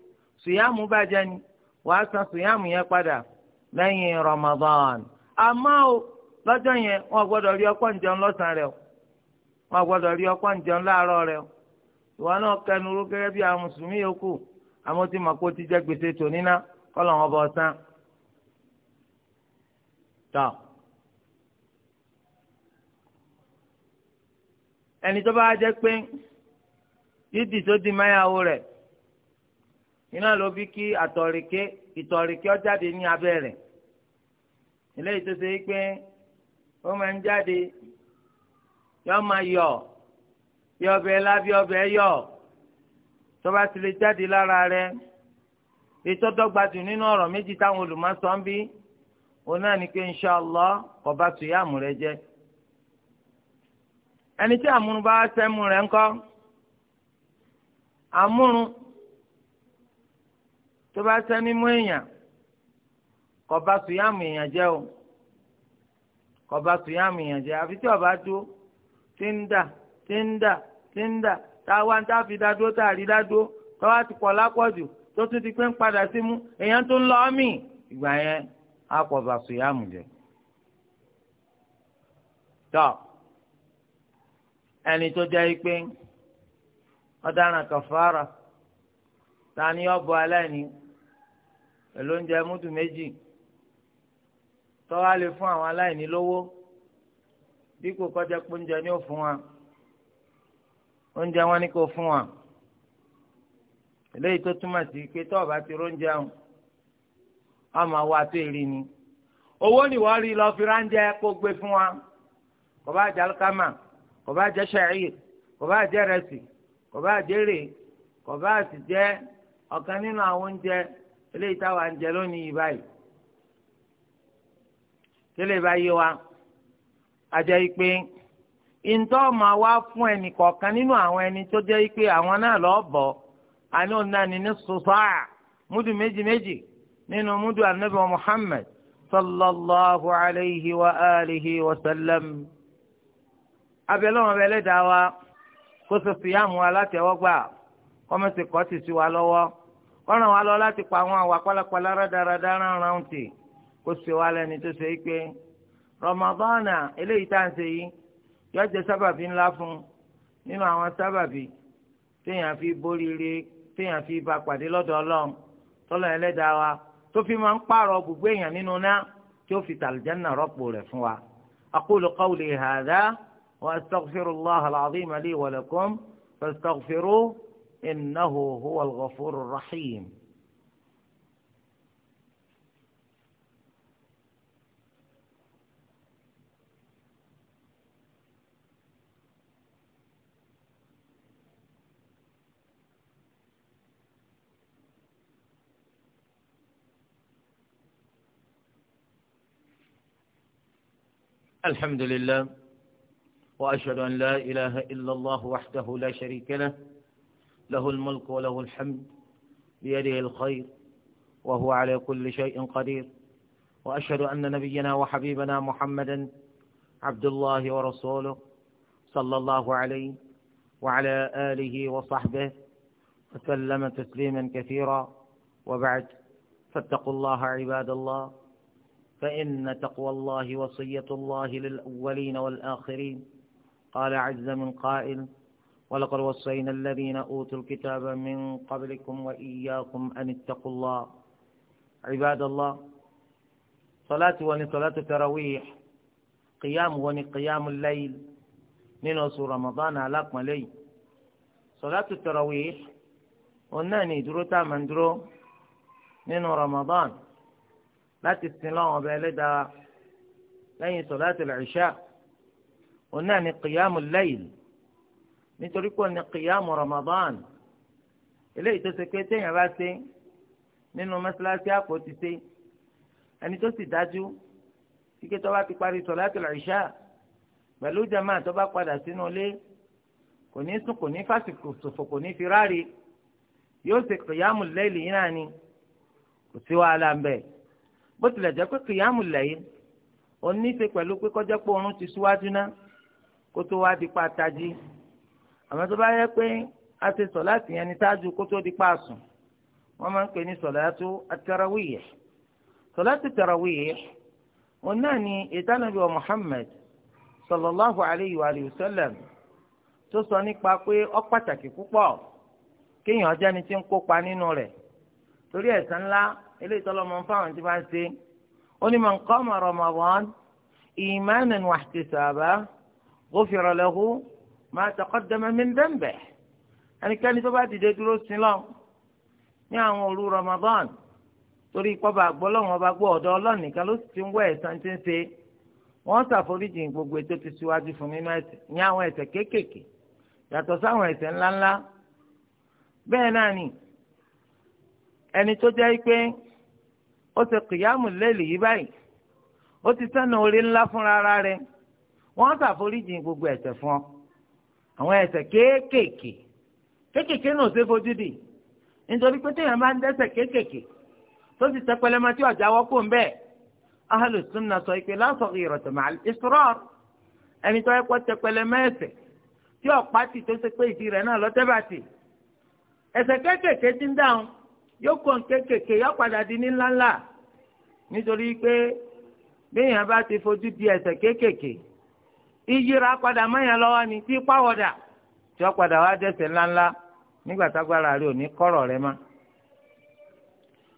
sùyàmù bàjẹ́ ni wàá san sùyàmù yẹn padà lẹ́yìn Ramadan àmọ́ o lọ́jọ́ yẹn wọn gbọ́dọ̀ rí ọkọ́ ǹjẹun lọ́sàn rẹ o wọn gbọ́dọ̀ rí ọkọ́ ǹjẹun láàárọ̀ rẹ o ìwọ náà kẹnu gẹ́gẹ́ bí àwọn mùsùlùmí yòókù àmọ́ tí màkó ti jẹ́ gbèsè tò kọ́lọ̀ wọn bọ̀ san. ẹni tó bá jẹ́ pé di máyàwó rẹ̀ iná ló bí kí àtọ̀rìkẹ́ ìtọ̀rìkẹ́ ó jáde ní abẹ́ rẹ̀ eléyìí tó ṣe é pé ó máa ń jáde yọ máa yọ bí ọbẹ̀ lábí ọbẹ̀ yọ tó bá ti lè jáde lára rẹ̀ ìtọ́dọ́gba jù nínú ọ̀rọ̀ méjì táwọn olùmọ̀sọ ń bí òun náà ni pé inṣàlọ́ kò bá sùyàmù rẹ̀ ẹni tí àmúrun bá sẹ́mu rẹ̀ ńkọ́ àmúrun tó bá sẹ́ mímú èèyàn kò bà sùyàmù èèyàn jẹ́ o kò sùyàmù èèyàn jẹ́ àfi tí ó dúró tí ń dà tí ń dà tí ń dà táwa ń táfi dádúró táàrí ti pọ̀ lápọ̀jù tó tún ti pé ń padà sí mú èèyàn tó ń lọ ìgbà yẹn á sùyàmù tọ́ ẹni tó jẹ́ ọ̀daràn fara ta ni ó pẹ̀lú oúnjẹ múdù méjì tọ́wá lè fún àwọn aláìní lówó dípò kọjá pé oúnjẹ ni ó fún wa oúnjẹ wọn ni kò fún wa eléyìí tó túmọ̀ sí pé tọ́ọ̀ bá ti róúnjẹ àwọn àmọ́ àwọn àti èrì ni owó ni wọ́n rí lọ́ọ́ fi ráńjẹ kó gbé fún wa kò bá jẹ́ alikama kò bá jẹ́ ṣẹ̀rí kò bá jẹ́ rẹsì kò bá jẹ́ rè kò bá sì jẹ́ ọ̀kan nínú àwọn oúnjẹ eléyìí táwa ń jẹ lónìí yìí báyìí tẹ́lẹ̀ bá yé wa àjẹ́ ìpè ntọ́ máa wá fún ẹnì kọ̀ọ̀kan nínú àwọn ẹni tó jẹ́ pé àwọn náà lọ́ọ́ bọ̀ àní òun náà ní ní sọ́sọ́à múdù méjì méjì nínú múdù anabi muhammed sallallahu alayhi wa alihi wa sallam abẹ́lẹ́wọ̀n abẹ́lẹ́ kó sọ fìyàmù alátẹ̀wọ́gbà kọ́mẹ́sì kọ́ sí wa lọ́wọ́ ó ràn wá lọ láti pa àwọn àwà pálapàla rádaràdá ránran tì kó ṣe wá lẹ́ni tó ṣe é pé rọmọbọ́nà eléyìí tá à ń ṣe yìí yóò jẹ́ sábàbí ńlá fún nínú àwọn sábàbí téèyàn fi borí rí téèyàn fi bá pàdé lọ́dọ̀ ọlọ́run tọ́lọ́ ẹlẹ́dàá wa tó fi máa ń pààrọ̀ gbogbo èèyàn nínú náà tí ó fi tàlùjánà rọ́pò rẹ̀ fún wa. aqulu qawli hadha wa astaghfirullaha al-azima li wa إنه هو الغفور الرحيم الحمد لله وأشهد أن لا إله إلا الله وحده لا شريك له له الملك وله الحمد بيده الخير وهو على كل شيء قدير وأشهد أن نبينا وحبيبنا محمدا عبد الله ورسوله صلى الله عليه وعلى آله وصحبه وسلم تسليما كثيرا وبعد فاتقوا الله عباد الله فإن تقوى الله وصية الله للأولين والآخرين قال عز من قائل ولقد وصينا الذين أوتوا الكتاب من قبلكم وإياكم أن اتقوا الله عباد الله صلاة وني صلاة تراويح قيام وني قيام الليل من سورة رمضان علاق ملي صلاة التراويح وناني درو تامن درو من رمضان لا تستلام وبالدا لين صلاة العشاء وناني قيام الليل nítorí pé ní kìyàmù Ramadan eléyìí tó ṣe pé téèyàn bá ṣe nínú mọ́ṣáláṣí àpò ti ṣe ẹni tó sì dájú kíkẹ́ tó bá ti parí sọ̀látul Ìṣá pẹ̀lú jàmáà tó bá padà sínú ilé kò ní sùn kò ní fásitì ṣòfò kò ní fi ráre yóò ṣe kìyàmù lẹ́yìn yìí náà ni kò sí wàhálà ń bẹ̀ bó tilẹ̀ jẹ́ pé kìyàmù lẹ́yìn òun ní í ṣe pẹ̀lú pé kọjá pé oorun ti síwájú ná kó tó wá di tají àmọ́ tó bá yẹ pé a ti sọ láti yẹn ní tájú kó tó di paasùn wọ́n máa ń pè ní sọ̀láàtú àtàràwíyẹ̀ sọ̀láàtú tàràwíyẹ̀ wọn náà ni ìtànàbí wa Muhammad sallallahu alayhi wa sallam tó sọ nípa pé ó pàtàkì púpọ̀ kéèyàn ọjọ́ ni ti ń kópa nínú rẹ̀ torí ẹ̀san ńlá eléyìí tọ́lọ́mọ fáwọn tí bá ṣe ó ní man qama Ramadan imanan ma taqaddama min dhanbi ẹnikẹ́ni tó bá dìde dúró sí lọ ní àwọn òru Ramadan torí kọ́ba àgbọ́lọ́wọ́n ọba gbọ́ ọ̀dọ̀ Ọlọ́run nìkan ló sì ti ń wẹ̀ ẹ̀sán tí ń ṣe wọ́n ṣàforíjì gbogbo ètò ti síwájú fún mímọ́ ẹ̀ṣẹ̀ ní àwọn ẹ̀ṣẹ̀ kéékèèké yàtọ̀ sáwọn ẹ̀ṣẹ̀ ńláńlá bẹ́ẹ̀ náà ni ẹni tó jẹ́ pé ó ṣe kìyàmù lẹ́lì yìí báyìí ó ti sẹ́nu orí ńlá fúnra rẹ̀ wọ́n ṣàforíjì gbogbo ẹ̀ṣẹ̀ fún ọ àwọn ẹsẹ̀ kéékèèké kéékèèké náà ṣe fojú di nítorí pé téèyàn máa ń dẹ́ṣẹ̀ kéékèèké tó sì tẹpẹlẹ máa tí ọjà wọ́pọ̀ ń bẹ́ẹ̀ ahlu sọ ìpè lásọ ìrọ̀tà màálí israr ẹni tó ẹ̀kọ́ tẹpẹlẹ mẹ́ẹ̀sẹ̀ tí ọ̀pá tó ṣe pé ìdí rẹ̀ náà kéékèèké ti ń dáhùn yóò kàn kéékèèké yóò padà di ní ńláńlá nítorí pé béèyàn bá ti fojú iyira padà mẹ́yàn lọ́wọ́ ni tí pàwọ́dà tí wọ́n padà wá dẹ́ṣẹ̀ ńláńlá nígbà tágbára rẹ ò ní kọ́rọ̀ rẹ má.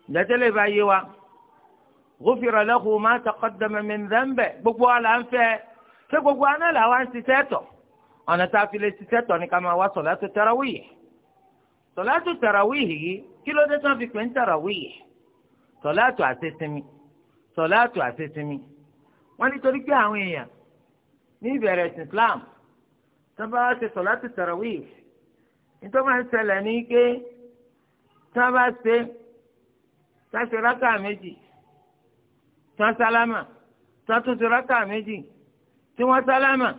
ìdájọ́lẹ̀ bá yé wa ghufira lahu ma taqaddama min dhanbi gbogbo wa là ń fẹ́ ṣé gbogbo aná là wá ń ṣiṣẹ́ tọ̀ ọ̀nà tá a fi lè ṣiṣẹ́ tọ̀ ní ká máa wá salatu tarawih salatu tarawih yìí kí ló dé tán fi pè ń tarawih salatu àṣesinmi salatu àṣesinmi wọ́n nítorí pé àwọn èèyàn ní Islam tábà ṣe sọ̀láàtì tarawih nítorí máa ń ṣẹlẹ̀ ní ké tábà ṣe rákà méjì tán sálámà tán rákà méjì tí sálámà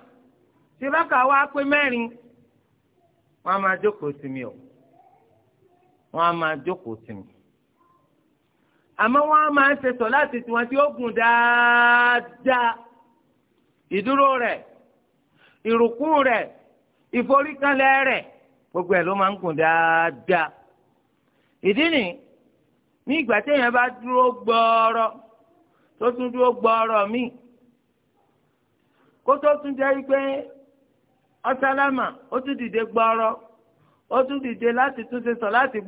tí rákà wá pé mẹ́rin máa jókòó sí mi o wọn máa jókòó sí mi àmọ́ á máa ń tiwọn tí ó gùn dáadáa. ìdúró rẹ̀ ìrùkú rẹ̀ ìforíkanlẹ̀ rẹ̀ gbogbo ẹ̀ ló máa ń gùn dáadáa ìdí ni ní ìgbà téèyàn bá dúró gbọ́ọ́rọ́ tó tún dúró gbọ́ọ́rọ́ míì kó tó tún jẹ́ pé ọ̀sálámà ó tún dìde ó tún dìde láti sọ láti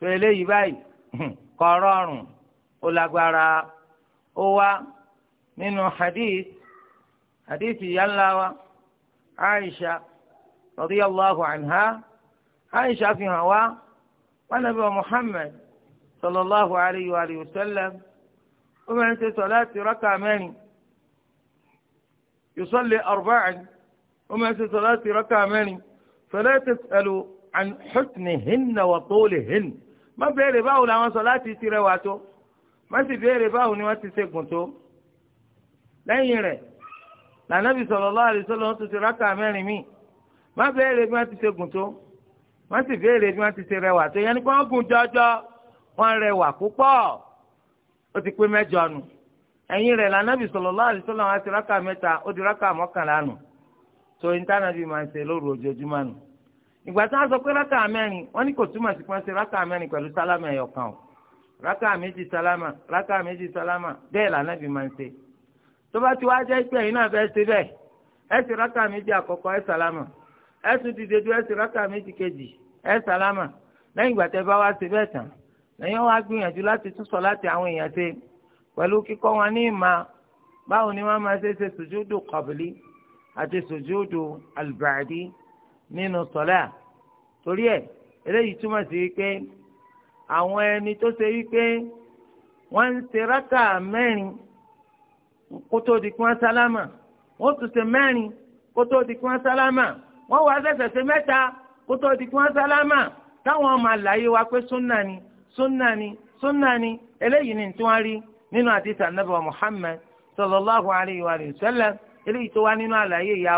tó eléyìí báyìí kò rọrùn ó lágbára ó wá nínú hadith hadith ìyá ńlá wa aisha radiyallahu anha aisha fi hàn wá wọn nàbẹ wa muhammed sallallahu alayhi wa alayhi wa sallam ó máa ń ṣe sọláàtì rákà mẹ́rin yusalli arba'an ó máa ń ṣe sọláàtì rákà mẹ́rin fala tas'alu an husnihinna wa tulihinna. má béèrè báwo làwọn sọ láti ti rẹwà tó má sì béèrè báwo ni wọ́n ti ṣe gùn tó lẹ́yìn rẹ̀ lànàbì sallallahu alaihi wasallam tó ti rákà mẹ́rin míì má béèrè bí wọ́n ti ṣe gùn tó má sì béèrè bí wọ́n ti ṣe rẹwà tó yẹn ni wọ́n gùn jọjọ wọ́n rẹwà púpọ̀ ó ti pé mẹ́jọ nù ẹ̀yìn rẹ̀ lànàbì sallallahu alaihi wasallam wọ́n ti rákà mẹ́ta ó ti rákà mọ́kànlá nù tó ìntànàbì máa ń ṣe lóru ojoojúmọ́ nù. ìgbà tí wọ́n sọ pé rákà mẹ́rin wọ́n ní kò túmọ̀ sí pọ́n ṣe rákà mẹ́rin pẹ̀lú sálámà ẹ̀yọ̀ kan o rákà méjì sálámà rákà méjì sálámà bẹ́ẹ̀ lànàbì máa ń ṣe tó bá ti wá jẹ́ pé ẹ̀yin náà fẹ́ ṣe bẹ́ẹ̀ ẹ ṣe rákà méjì àkọ́kọ́ ẹ sálámà ẹ tún dìde dúró ẹ ṣe rákà méjì kejì ẹ sálámà lẹ́yìn ìgbà tẹ́ bá wá ṣe bẹ́ẹ̀ tán lẹ́yìn wá gbìyànjú láti tún láti àwọn nínú sọlá torí ẹ̀ eléyìí túmọ̀ sí wípé àwọn ẹni tó ṣe wípé wọ́n ń ṣe rákà mẹ́rin kó tó di kí sálámà wọ́n tún ṣe mẹ́rin kó tó di sálámà wọ́n wá ṣe mẹ́ta kó tó di kí sálámà táwọn ọmọ àlàyé wa pé súnà ni súnà ni súnà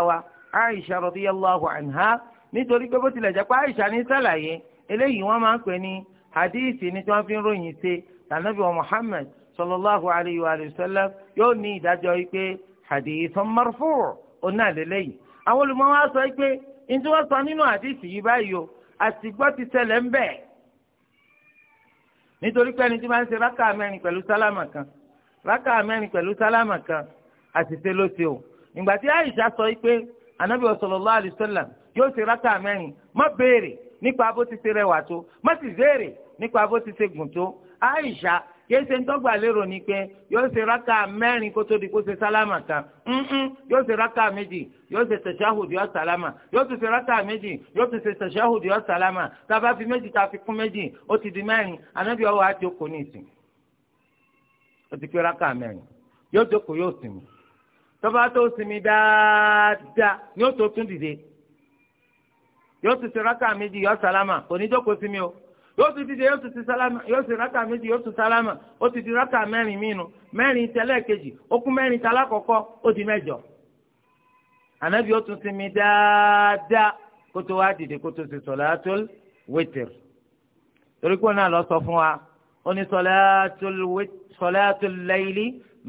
wa aisha radiyallahu anha nítorí pé bó tilẹ̀ jẹ́ pé aisha ní sàlàyé eléyìí wọ́n máa ń pè ní hadith ní tí wọ́n fi ń ròyìn ṣe tànàbí wa sallallahu alayhi wa sallam yóò ní ìdájọ́ wípé hadithun marfu' onáàlélẹ́yìí àwọn olùmọ̀ wa sọ pé ntí wọ́n sọ nínú hadith yìí ti ń kan rákà mẹ́rin pẹ̀lú kan ló ṣe o sọ pé anabi sallallahu alaihi wasallam yóò ṣe rákà mẹ́rin má béèrè nípa bó ti ṣe rẹwà tó má sì béèrè nípa bó ti ṣe gùn tó Aisha yóò ṣe ń dọ́gba lérò ni pé yóò ṣe rákà mẹ́rin kó tó di kó ṣe sálámà kan nnún yóò ṣe rákà méjì yóò ṣe tẹ̀síáhùdì yóò sálámà yóò tún ṣe rákà méjì yóò ṣe tẹ̀síáhùdì yóò tábà fi méjì tá a fi kún méjì ó ti di mẹ́rin anábì ọwọ́ àti okò ní ìsìn ó ti pé rákà mẹ́rin yóò jókòó yóò sinmi tọ́ba tó sinmi dáadáa ni ó tó tún dìde yóò tún ti rákà méjì yóò salama. kò ní jókòó sinmi o yóò tún dìde yóò tún ti sálámà yóò tún rákà méjì yóò tún sálámà ó ti di rákà mẹ́rin mìínú mẹ́rin tẹ́lẹ̀ kejì ó mẹ́rin tẹ́lẹ̀ àkọ́kọ́ ó di mẹ́jọ. ànábì ó tún sinmi dáadáa kó tó wá dìde kó tó ti sọ̀láàtul wítìr torí kó náà lọ sọ fún wa ó ní sọ̀láàtul wítìr sọ̀láàtul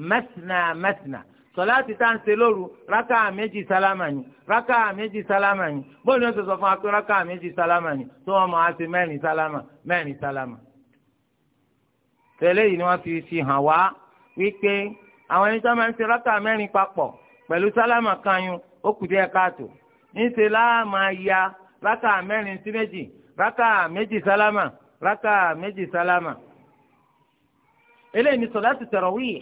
mẹ́sìnà mẹ́sìnà sọláàtì tá à ń ṣe lóru rákà méjì sálámà ni raka méjì sálámà ni bóyá ó ti sọ fún wa pé rákà méjì sálámà ni tó wọn máa ṣe mẹ́rin sálámà mẹ́rin sálámà. tẹ́lẹ̀ yìí ni wọ́n fi fi hàn wá wípé àwọn ẹni tó máa ń ṣe rákà mẹ́rin papọ̀ pẹ̀lú sálámà kanyun ó kù díẹ̀ káàtó níṣẹ́ láà máa ya rákà mẹ́rin sí méjì rákà méjì sálámà rákà méjì sálámà. eléyìí ni sọláàtì tarawih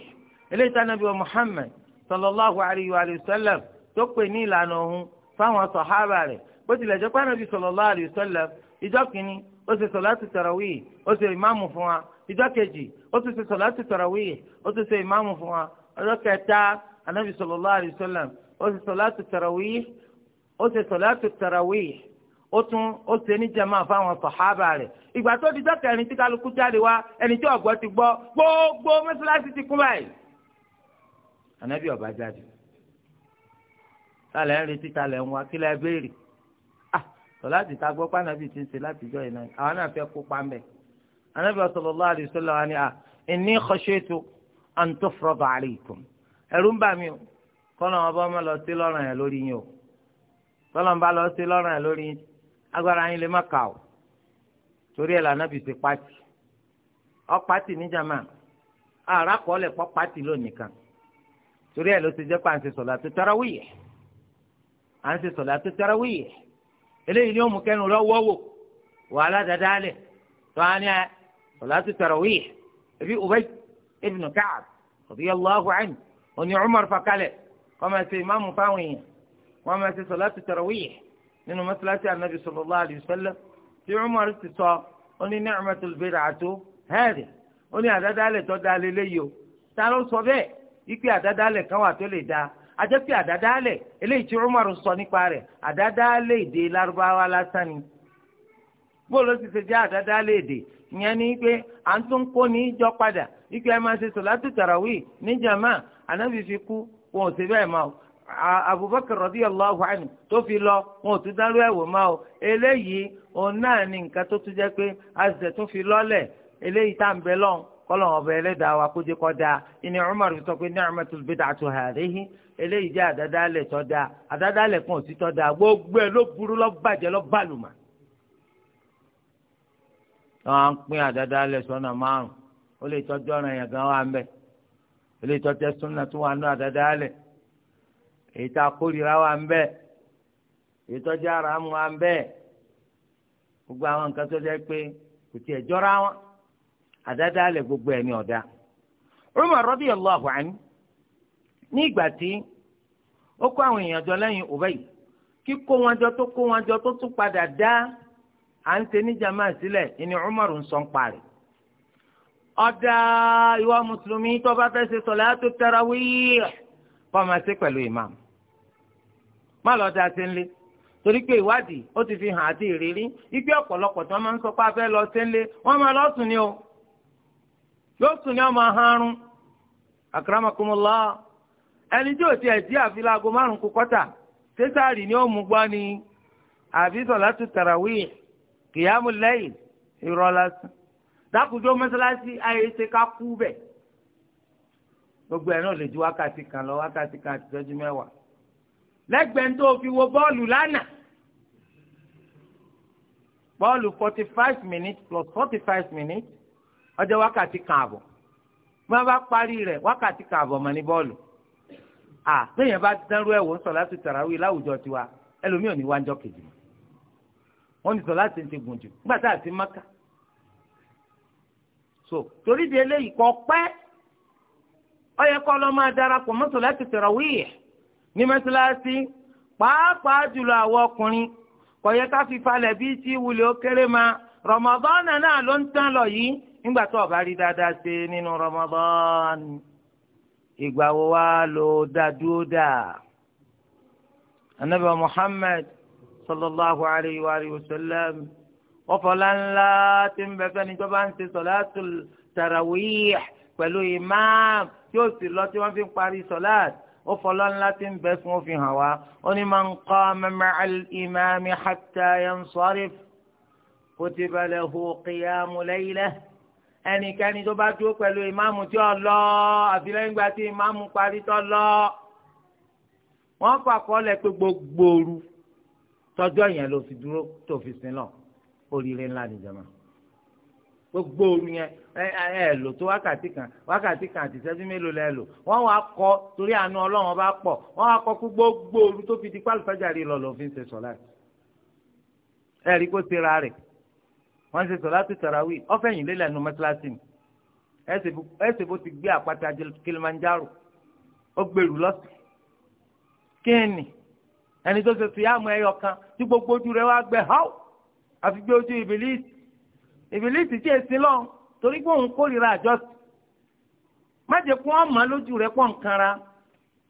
eléyìí tí Ànábì wa Muhammad sallallahu alayhi wa sallam tó pè ní ìlànà ọ̀hún fáwọn sọ̀hábà rẹ̀ bó tilẹ̀ jẹ́ pé ànábì sallallahu alayhi wa sallam ìjọ́ kìíní ó ṣe sọ̀láàtì tarawih ó ṣe ìmáàmù fún wa ìjọ́ kejì ó tún ṣe sọ̀láàtì tarawih ó tún ṣe ìmáàmù fún wa ọjọ́ kẹta ànábì sallallahu alayhi wa sallam ó ṣe sọ̀láàtì tarawih ó ṣe sọ̀láàtì tarawih ó tún ó ṣe ní jàmáà fáwọn sọ̀hábà rẹ̀ ìgbà tó di dọ́kẹ́rin tí kálukú jáde wá ẹni tí ọ̀gbọ́n ti gbọ́ gbogbo mẹ́sàlásì ti kún báyìí ànábì ọba jáde tálẹ̀ ń retí tálẹ̀ ń wá kí lẹ́ béèrè tọ́lá ah, ti ta gbọ́ pé ànábì ti ń ṣe látijọ́ yìí náà àwọn náà fẹ́ kópa mbẹ́ ànábì sallallahu alaihi wasallam wa ni à ah, inni khashitu an tufrada alaykum ẹ̀rù ń bà mí o kọ́nà ọba ọmọ lọ sí lọ́rùn yẹn lórí yín o tọ́lọ̀ ń bá lọ sí lọ́rùn yẹn lórí yín agbára yín lè má kà o torí ẹ̀ lànà ti pàtì ọ pàtì níjàmá àrà kọ́ pàtì lónìí kan torí ẹ̀ ló ti jẹ́ pé à ń ṣe sọlá tó sọ̀látù tarawih à ń ṣe sọlá tó sọ̀látù tarawih eléyìí ni ó mú kẹ́nu lọ́wọ́ wò wàhálà dáadáa lẹ̀ tó á ní ẹ sọlá tó sọ̀látù tarawih ebi Ubay ibn Ka'b radiyallahu anhu òní Umar fakalẹ̀ wọ́n máa ṣe ìmáàmù fáwọn èèyàn wọ́n máa ṣe sọ̀látù tarawih nínú mọ́ṣáláṣí anabi sallallahu alayhi wa sallam tí Umar ti sọ ó ní ni'matul bid'atu hadhihi ó ní àdáda lẹ̀ tó dáa lé léyìí o ta ló sọ bẹ́ẹ̀ ipe àdádálẹ̀ kan wà tó lè da ajẹ́ pé àdádálẹ̀ eléyìí tí Umaru sọ nípa rẹ̀ àdádálẹ̀ èdè lárúbáwá lásán ni bó ló ti ṣe jẹ́ àdádálẹ̀ èdè ìyẹn ni pé à ń tún kó ní ìjọ padà ipe ẹ máa ṣe sọ̀látù tàràwí ní jàmá ànábì fi kú wọn ò ṣe bẹ́ẹ̀ máa o Abubakar radiyallahu anhu tó fi lọ wọn ò tún dárú ẹ̀wò máa o eléyìí òun náà ni nǹkan tó tún jẹ́ pé azẹ̀ tún fi lọ́lẹ̀ eléyìí tá à ń bẹ lọ́hùn kọ́lọ̀ ọba ẹlẹ́dàá wa kó jẹ́ kọ́ da ìní Umar fi sọ pé ni'matul bid'atu hadhihi eléyìí jẹ́ àdádálẹ̀ tọ́ da àdádálẹ̀ kan tọ́ da gbogbo ẹ̀ ló burú lọ́ bàjẹ́ lọ́ wọ́n á ń pín sọ́nà márùn-ún ó lè tọ́jú wa ń bẹ̀ ó àdáda alẹ gbogbo ẹni ọdá Umar radiyallahu anhu ní ìgbà tí ó kó àwọn èèyàn jọ lẹ́yìn Ubay kíkó wọn jọ tó kó wọn jọ tó tún padà dá à ń ṣe ìní ń sọ ń parí ìwà mùsùlùmí tó bá fẹ́ ṣe pẹ̀lú imam má lọ da sí torí pé ìwádìí ó ti fi hàn àti ìrírí ibi ọ̀pọ̀lọpọ̀ tí a fẹ́ lọ sí nlé yóò sùn ní ọmọ ahárún àkàràmàkùmọ̀lá ẹni tí ò tiẹ̀ tí àfi àfilago márùn-ún kú ni ó mú gbọ́ ni àfi sọ̀látù tàràwí kìyàmù lẹ́yìn ìrọ̀lásán dákùjọ mọ́sálásí ayé ṣe ká kú bẹ̀ kan lọ wákàtí kan àti mẹ́wàá lẹ́gbẹ̀ẹ́ tó fi wo bọ́ọ̀lù lánàá bọ́ọ̀lù forty five ọjọ́ wákàtí kan àbọ̀ máa bá parí rẹ̀ wákàtí kan àbọ̀ mọ̀ ní bọ́ọ̀lù à lẹ́yìn bá dánrú ẹ̀wọ̀ ń sọ láti tàràwí láwùjọ tiwa ẹlòmíì ò ní wájọ́ kejì mọ́ wọ́n ní sọ láti ti gùn jù nígbà tá à ti mọ́kà so torí di eléyìí kọ pẹ́ ọ yẹ kọ́ lọ́ máa darapọ̀ mọ́tò láti tàràwí yẹ ní mọ́tíláṣí pàápàá jùlọ àwọn ọkùnrin kò yẹ ká fi falẹ̀ bíi tí wulẹ̀ ó kéré ma rọmọdọ́nà náà ló ń tán lọ yìí nígbà tó o bá rí dáadáa ṣe nínú Ramadan ìgbà wo wá ló dá dúró dà anabi Muhammad sallallahu alayhi wa alihi wa sallam ọfọlá ńlá tí ń bẹ fẹ́ni tó bá ń ṣe sọláàtù tarawih pẹ̀lú imáàmù tí ó sì lọ tí wọ́n fi ń parí sọláàtù ó fọlọ́ ńlá tí ń bẹ fún òfin hàn wá ó ní man qama ma'al imami hatta yansarif kutiba lahu qiyamu laylah ẹnikẹ́ni tó bá dúró pẹ̀lú ìmáàmù tí ó lọ àfi lẹ́yìn ìgbà tí ìmáàmù parí tó lọ wọ́n kọ́ àkọọ́lẹ̀ pé gbogbo ooru tọ́jọ́ yẹn ló fi dúró tó fi sin lọ oríire ńlá nìjọba gbogbo ooru yẹn ẹ ẹ lò tó wákàtí kan wákàtí kan àti ìṣẹ́jú mélòó lẹ lò wọ́n wá kọ torí àánú ọlọ́run bá pọ̀ wọ́n wá kọ kú gbogbo tó fi di pálífẹ́jà rí lọ lọ́ọ́ fi ń ṣe sọ́láàtì ẹ̀rí kó tẹ́ra rẹ̀ wọ́n ṣe sọ̀látù tàràwì ọ̀fẹ́yìn lélẹ̀ nu mọ́sálásí ni ẹ̀sẹ̀ bó ti gbé àpáta Kilimanjaro ó gbèrú lọ́sẹ̀ kíni ẹni tó ṣe sùyàmù ẹyọ kan tí gbogbo ojú rẹ wá gbẹ háù àfi gbé ojú ìbílíìsì ìbílíìsì tí èsì lọ torí pé òun kórìíra àjọsìn má kó wọ́n mọ̀ lójú rẹ pọ̀ nkanra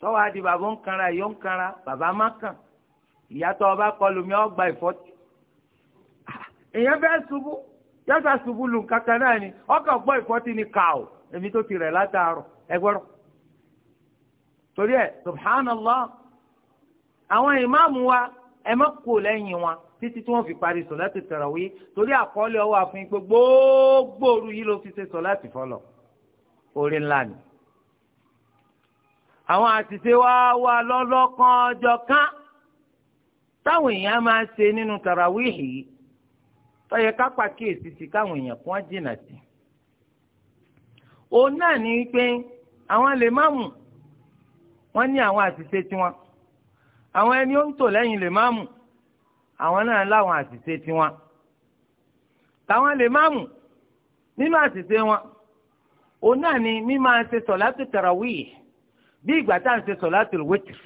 tọ́wọ́ adi bàbá nkanra ìyó nkanra bàbá má kàn ìyàtọ̀ ọba kọlùmí ọgbà ìfọ́tí èèyàn fẹ́ ṣubú yọ́sà ṣubú lu kankan náà ni ọkàn gbọ́ ìfọ́tí ni kàó èmi tó ti rẹ̀ látàárọ̀ ẹgbọ́rọ̀ torí ẹ subhanallah àwọn ìmáàmù wa ẹ má kó lẹ́yìn wọn títí tí wọ́n fi parí sọ̀láàtì tàràwí torí àkọọ́lẹ̀ ọwọ́ àfin pé gbogboòru yìí ló fi ṣe sọ̀láàtì fọlọ̀ orí ńlá ni. àwọn àṣìṣe wa wà lọ́lọ́kan kan táwọn èèyàn máa ṣe nínú tàràwí yìí tọ́yẹ ká pàkíyèsí sí káwọn èèyàn kún á jìnnà sí. òun náà ní pé àwọn lè má mú wọn ní àwọn àṣìṣe tiwọn àwọn ẹni ó ń tò lẹ́yìn lè má mú àwọn náà láwọn àṣìṣe tiwọn táwọn lè má mú nínú àṣìṣe wọn òun náà ni mímá ṣe sọ̀látù tarawih bí ìgbà tá à ń ṣe sọ̀látù witr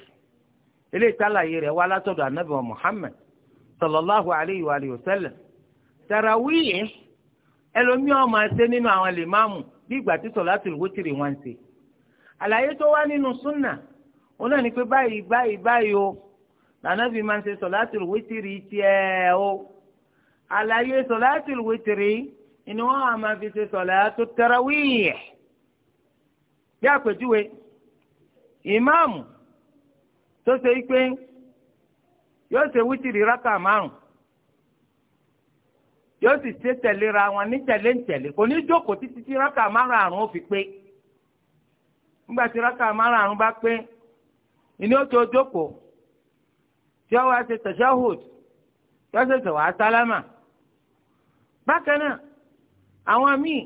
eléyìí tálàyé rẹ̀ wá látọ̀dọ̀ anábìwọ̀n Muhammad sallallahu alayhi wa sallam tarawih ẹlòmíràn máa ṣe nínú àwọn lèmáàmù bí ìgbà tí sọ̀látùl wítìrì wọn ń ṣe àlàyé tó wá nínú súnà òun náà ni pé báyìí báyìí báyìí o lànàbí máa ń ṣe sọ̀látùl wítìrì tiẹ̀ o àlàyé sọ̀látùl wítìrì ni wọ́n á máa fi ṣe sọ̀látù tarawih bí àpèjúwe ìmáàmù tó ṣe pé yóò ṣe wítìrì rákà márùn-ún yóò sì ṣe wọn ní tẹ̀lé ń kò ní jókòó títí tí rákà márùn-ún fi pé nígbà tí rákà márùn-ún bá pé ìní ó tó jókòó tí ó wá ṣe tashahhud tí ó ṣẹ̀ṣẹ̀ wá sálámà bákan náà àwọn míì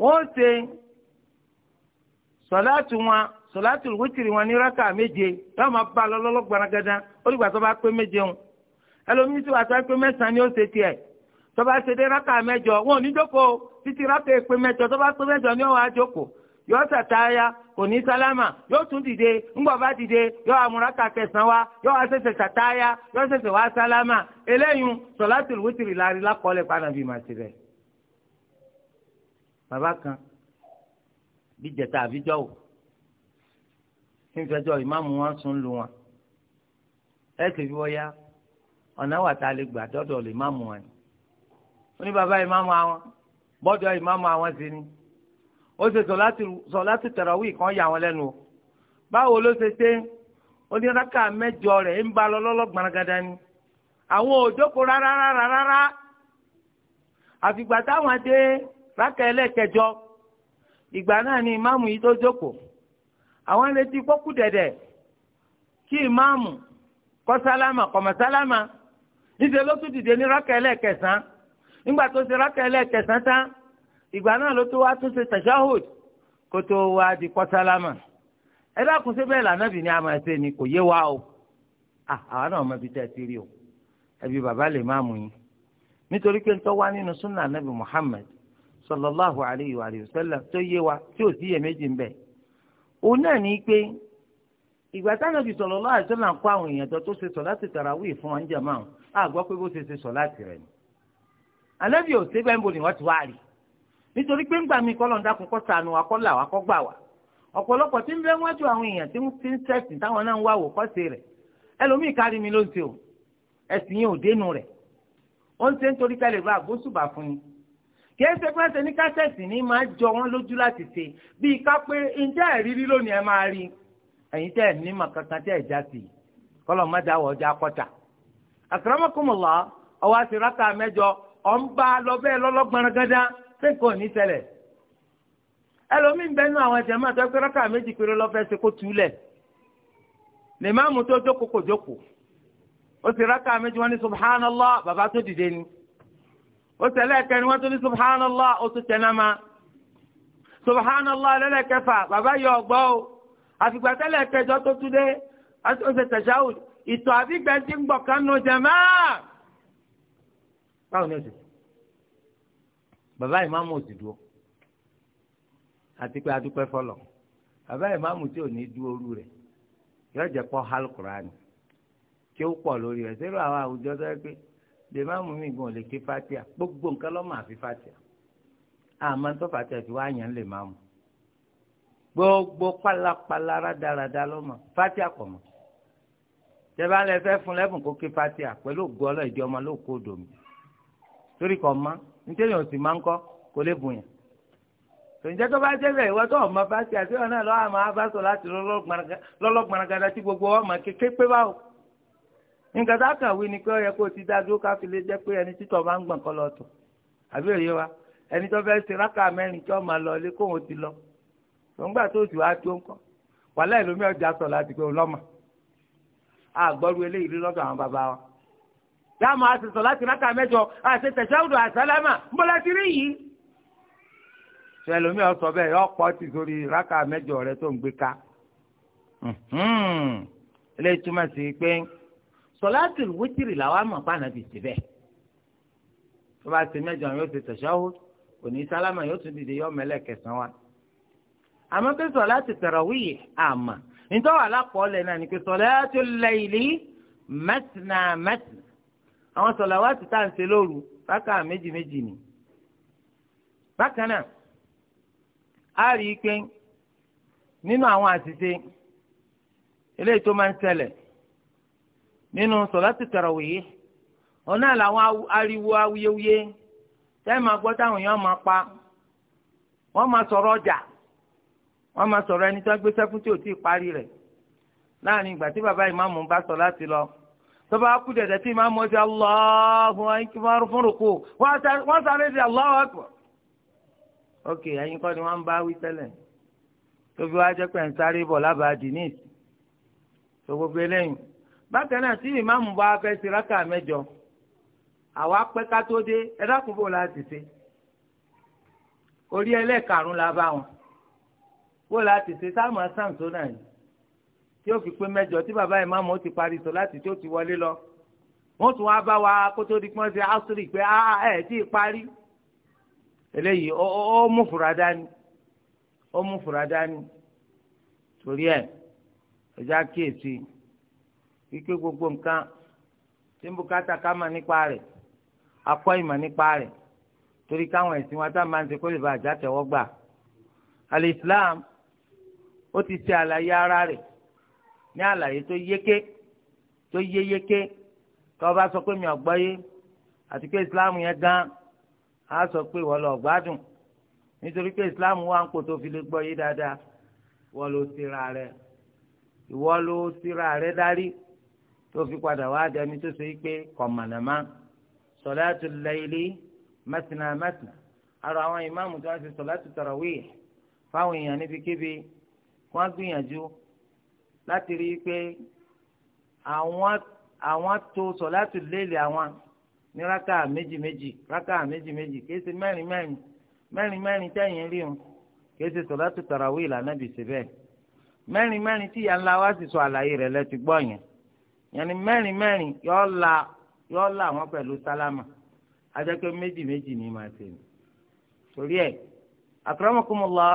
wọ́n ṣe sọ̀láàtù wọn sọ̀láàtù wítìrì wọn ní rákà méje yóò máa bá a lọ́lọ́lọ́ ni ó ṣe tó bá ṣe dé rákà mẹ́jọ wọn ò ní jókòó títí rákà èpè mẹ́jọ tó bá pé mẹ́jọ ni ó wàá jókòó yóò sàtáyà kò ní sálámà yóò tún dìde ńgbọ̀ bá dìde yóò amúraka kẹsàn-án wa yóò wá ṣẹ̀ṣẹ̀ sàtáyà yóò ṣẹ̀ṣẹ̀ wá sálámà eléyìí sọ̀látùl wítìrì láàrin lákọọ́lẹ̀ pàdánù ìmọ̀ àti rẹ̀. bàbá kan bí jẹta àbíjọ́ wò nífẹ̀ẹ́jọ́ ìmáàmù wọn sùn lu wọn ẹ̀ sì fi wọ́n ya ọ̀nà wà lè gbà dọ́dọ̀ lè máàmù wọn ni ó ní bàbá ìmáàmù àwọn bọ́dọ̀ ìmáàmù àwọn sì ni ó ṣe sọ̀láṣí tàràwí kan yà wọ́n lẹ́nu o báwo ló ṣe ṣe ó ní rákà mẹ́jọ rẹ̀ ń ba lọ lọ́lọ́gbọ̀n gada ni àwọn ò jókòó rárá rárá rárá àfìgbà táwọn dé rákà ẹlẹ́kẹjọ ìgbà náà ni ìmáàmù yìí tó jókòó àwọn retí pọ́kú dẹ̀dẹ̀ kí ìmáàmù kọ́ sálámà kọ̀mọ̀ sálámà níṣẹ́ ló tún dìde ní rákà ẹlẹ́kẹsàn-án nígbà tó ṣe rákẹ́lẹ́ kẹsàn-án tán ìgbà náà ló tó wá tó ṣe tashahud kó tó wá di kọ́sálámà ẹ dákun ṣe bẹ́ẹ̀ lànàbì ni a máa ṣe ni kò yé wa o àwa náà máa fi ẹ ti rí o ẹbí bàbá lè má mú yín nítorí pé ntọ́ wá nínú súnà ànábì Muhammad sallallahu alayhi wa sallam tó yé wa tí ò sí iyèméjì ń bẹ òun náà ní pé ìgbà tánàbì sallallahu alayhi wa sallam kó àwọn èèyàn tó tó ṣe sọ̀láàtì tarawih fún wa ń jàmáà àgbọ́ pé bó ṣe ṣe sọ̀láàtì rẹ̀ ni ànábì ò ṣe bẹ́ẹ̀ ń bò ní wọ́n ti wá rí nítorí pé ńgbà mi kọ́ lọ́ọ̀dá kun kọ́ sànù wa kọ́ là wa kọ́ gbà wa ọ̀pọ̀lọpọ̀ tí ń bẹ́ wájú àwọn èèyàn tí ń ti ń sẹ̀sìn táwọn náà ń wá wò kọ́sì rẹ̀ ẹlòmíì kárí mi ló ń ṣe o ẹ̀sìn yẹn ò dénú rẹ̀ ó ń ṣe nítorí ká lè àgbóṣùbà fún ni kì í ṣe pé ṣe ní kásẹ̀sì ní máa jọ wọ́n lójú láti ṣe bíi ká pé ǹjẹ́ ẹ̀rírí lónìí ẹ máa rí ẹ̀yin tẹ́ ẹ̀ ní màkàkà tẹ́ ẹ̀ já sí i kọ́lọ́ má dáwọ́ ọjà kọ́ta àkàràmọ́kùnmọ̀lá ọwọ́ àti rákà mẹ́jọ ọ̀ ń bá lọ bẹ́ẹ̀ lọ́lọ́gbọ̀n gángan ṣé nǹkan ò ní ṣẹlẹ̀ ẹlòmíín bẹ́ẹ̀ nú àwọn jàmáà tó pé rákà méjì péré lọ́fẹ́ ṣe kó túlẹ̀ lè má mú tó jókòó kò jókòó ó sì rákà méjì wọn ní subhanallah bàbá tó dìde ni ó sì ẹlẹ́ẹ̀kẹrin wọn tó ní subhanallah ó tó tẹ̀ náà subhanallah ẹlẹ́ẹ̀kẹfà bàbá yọ ọgbọ́ o àfìgbà tẹ́lẹ̀ kẹjọ tó túdé ó sì tẹ̀síáwò ìtọ̀ àbígbẹ́ ń gbọ̀ kánú táwọn yóò ṣe bàbá ìmáàmù ò sì dúró àti pé adúpẹ́ fọlọ́ bàbá ìmáàmù tí ò ní dúró rú rẹ̀ yóò jẹ́ pọ́ alukurani kí ó pọ̀ lórí rẹ̀ sẹ́rọ àwọn àwùjọ tó yẹ pé lèmáàmù mi gan lè ké fatia gbogbo nǹkan lọ́mọ àfi fatia àmọ́ tó fatia ti wá yàn lèmáàmù gbogbo pálapàla rádaràda lọ́mọ fatia kọ̀ mọ́ tẹ́bá lẹ fẹ́ fún lẹ́bùn kó ké fatia pẹ̀lú ògbọ́lọ́ ìdí ọmọ ló kó domi torí kò má nítorí òun sì máa ń kọ́ kò lè bùn yàn. tòǹjẹ́ tó bá jẹ́ bẹ́ẹ̀ ìwọ tó ọmọ bá ṣe àṣeyọ náà lọ́wọ́ àmọ́ bá sọ láti lọ́lọ́gbọ̀nàgàdà tí gbogbo ọmọ kéké pé báwo. nǹkan tá a kàn wí ni pé ó yẹ kó o ti dá dúró ká fi lè jẹ́ pé ẹni títọ̀ máa ń gbọ̀n kọ́ lọ tọ̀ àbí òye wa ẹni tó fẹ́ẹ́ ṣe rákà mẹ́rin tí ọmọ lọ ilé kóhun ti lọ tòǹgbà tó ti wá tó ń kọ́ wàhálà ìlú mi ọjà sọ láti pé ọlọ́mà àgbọ̀rú eléyìí lọ́dọ̀ àwọn bàbá wa láàmú àṣìṣọ láti rákà mẹ́jọ àṣẹ tẹ̀síwájú àṣálámà mbọ́lá ti rí yìí. sẹlẹmi ọsọ bẹ́ẹ̀ yọ pọ ti sórí rákà mẹ́jọ rẹ tó ń gbé ká. eléyìí túmọ̀ sí pé sọláàtì wítìrì làwọn àmọ̀ pàànà bì síbẹ̀. tó bá ti mẹ́jọ yóò ti tẹ̀síwájú kò ní sálámà yóò tún dìde yọ mẹ́lẹ̀ kẹsàn wa. àmọ́ pé sọláàtì tàràwíyì àmà ni pé sọláàtì láylì mẹ́tìnà mẹ́tìnà àwọn sọ̀làwátì tá à ń ṣe lóru rákà méjì méjì ni. bákan náà a rí i pé nínú àwọn àṣìṣe eléyìí tó máa ń ṣẹlẹ̀ nínú sọ̀látì tàràwíhì ọ̀nà làwọn ariwo awuyewuye tẹ́ẹ̀ máa gbọ́ táwọn èèyàn máa pa wọ́n máa sọ̀rọ̀ ọjà wọ́n máa sọ̀rọ̀ ẹni tó ń gbé sẹ́fún tí ò tí parí rẹ̀ láàrin ìgbà tí bàbá ìmáàmù bá sọ láti lọ tó bá kú dẹ̀dẹ̀ tí máa mọ̀ sí Allahu akbar fún rúkú wọ́n sáré sí Allahu akbar. ok ẹ̀yin kọ́ ni wọ́n ń bá wí tẹ́lẹ̀ tóbi wá jẹ́ pé ń sáré bọ̀ lábàádì ní ìsìn tó gbogbo eléyìí bákan náà tí ìmáàmù bá fẹ́ sí rákà mẹ́jọ àwa pẹ́ ká tó dé ẹ dákun bò láti ṣe orí ẹlẹ́ẹ̀karùn-ún la bá wọn bò láti ṣe sáà máa náà yìí tí ó fi pé mẹ́jọ tí bàbá ìmáàmù ó ti parí sọ láti tó ti wọlé lọ wọ́n tún wá bá wa kó tó di pọ́n ṣe ásírì pé ẹ̀ tí ì parí eléyìí ó mú fura dání ó mú fura dání torí ẹ̀ ẹ̀já kíyèsí wípé gbogbo nǹkan tí ń bùkátà ká mà nípa rẹ̀ akọ́ ìmọ̀ nípa rẹ̀ torí káwọn ẹ̀sìn wa tá a máa ń ṣe kó lè bá àjà tẹ̀wọ́ gbà alẹ́ Islam ó ti ṣe àlàyé ara rẹ̀ ní àlàyé tó yéké tó yé yéké tó bá sọ pé mi ò gbọ́ yé àti pé islam yẹn gan á sọ pé wọ́n lọ gbádùn nítorí pé islam wà ń kó tó fi lè gbọ́ yé dáadáa wọ́n ló síra rẹ̀ ìwọ ló síra rẹ̀ dárí tó fi padà wá dání tó ṣe pé kọ̀mọ̀nàmá sọ̀láàtù láìlì mẹ́tìnà mẹ́tìnà àrò àwọn ìmáàmù tó wá sí sọ̀láàtù tàràwíì fáwọn èèyàn níbikíbi wọ́n gbìyànjú láti rí i pé àwọn àwọn tó sọ̀látù léèlì àwọn ní rákà méjì méjì rákà méjì méjì kìí ṣe mẹ́rin mẹ́rin mẹ́rin mẹ́rin tẹ̀yìn rí òun kìí ṣe sọ̀látù tàràwí ìlànà bìí bẹ́ẹ̀ mẹ́rin mẹ́rin tí yàrá wa sì sọ àlàyé rẹ̀ lẹ́tí gbọ́ yẹn yẹn ni mẹ́rin mẹ́rin yọ́ la yọ́ la wọn pẹ̀lú sálámà adẹ́kẹ́ méjì méjì ni màá ṣe torí ẹ̀ àkàràmọ́kùnmọ́ lọ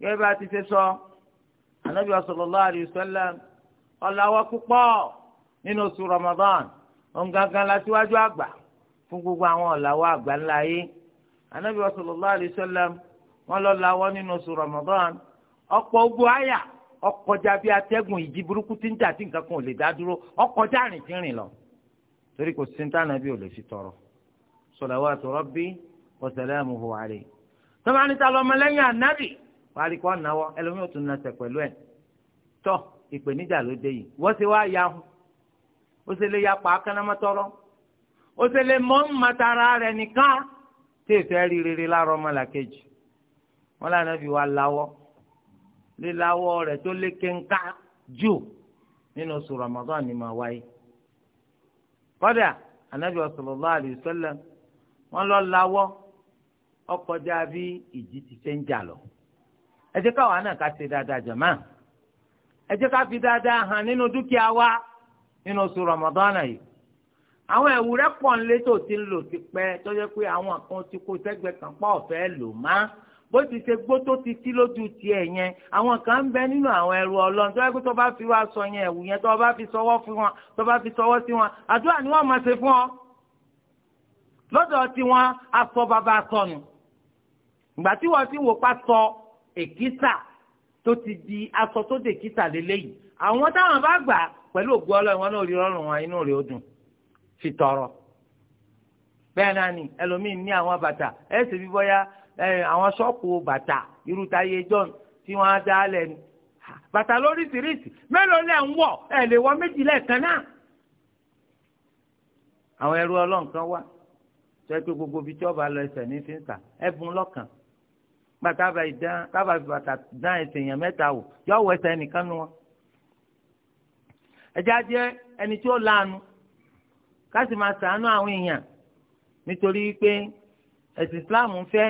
gẹ́gẹ́ bá ti ṣe sọ. So, anabi sallallahu alayhi wa sallam ọ̀làwọ́ púpọ̀ nínú oṣù ramadan ọ̀ngangan la síwájú àgbà fún gbogbo àwọn ọ̀làwọ́ àgbà ńlá yìí anabi sallallahu alayhi wa sallam wọn lọ làwọ́ nínú oṣù ramadan ọ̀pọ̀ ogun àyà ọkọjá bí atẹ́gùn ìjì burúkú tí ń jà tí nǹkan kan ò lè dá dúró ọkọjá rìn tí ń rìn lọ torí kò sí níta nàbí ò lè fi tọrọ salawatu rabbi wa salamuhu alayhi tọ́ba níta lọ́mọ lẹ́yìn ànábì wàá rí kọ́ náwó ẹlòmíì ò tún nasẹ̀ pẹ̀lú ẹ̀ tọ́ ìpèníjà ló dé yìí wọ́n ṣe wá ya hù ó ṣe lè ya pa akánámọ́tọ́rọ́ ó ṣe lè mọ́ mọ́tara rẹ̀ nìkan tí ìfẹ́ rí rere láàárọ̀ ọmọlàkejì wọn lànà fi wá láwọ́ líláwọ́ rẹ̀ tó lé kéńká jù nínú oṣù Ramadan ni màá wáyé kọ́dà anabi sallallahu alayhi wa sallam wọn lọ láwọ́ ọkọ̀ dàbí ìjì ti ṣe ń jà lọ ẹ jẹ́ káwa náà ká ṣe dáadáa jàmá ẹ jẹ́ ká fi dáadáa hàn nínú dúkìá wa nínú oṣù rọmọdọ́nà yìí àwọn ẹ̀wùrẹ́ pọ̀ nílé tó ti ń lò ti pẹ́ tó yẹ pé àwọn kan ti kó sẹ́gbẹ̀ẹ́ kan pọ̀ ọ̀fẹ́ lò má bó ti ṣe gbó tó ti tí lójú tiẹ̀ yẹn àwọn kan ń bẹ nínú àwọn ẹrù ọlọ́run tó yẹ pé tó bá fi wá sọ yẹn ẹ̀wù yẹn tó bá fi sọwọ́ fún wọn tó bá fi sọwọ́ sí wọn àdúrà ni wọ́n máa ṣe fún ọ lọ́dọ̀ tiwọn aṣọ bàbá aṣọ ìgbà tí wọ́n ti wò pa sọ èkìsà tó ti di aṣọ tó de èkìsà lélẹ́yìí àwọn táwọn bá gbà pẹ̀lú ògbó ọlọ́run wọn náà rí rọrùn wọn inú rẹ̀ ó dùn fi tọrọ bẹ́ẹ̀ náà ni ẹlòmíín ní àwọn bàtà ẹ̀ sì bí bọ́yá àwọn ṣọ́ọ̀pù bàtà irú táyé john tí wọ́n á dá lẹ́nu bàtà lóríṣiríṣi mélòó lẹ̀ ń wọ̀ ẹ̀ lè wọ méjì lẹ́ẹ̀kan náà àwọn ẹrú ọlọ́run kan wá sọ pé gbogbo ibi tí ọba lọ ẹsẹ̀ ní fi ń tà gbàtàbà ìdán tábà fi bàtà dán ẹsẹ̀ èèyàn mẹ́ta wò yọ wọ ẹsẹ̀ ẹnìkan nu wọn. ẹja jẹ́ ẹni tí ó láàánú ká sì máa sàánú àwọn èèyàn nítorí pé ẹ̀sìn Islam ń fẹ́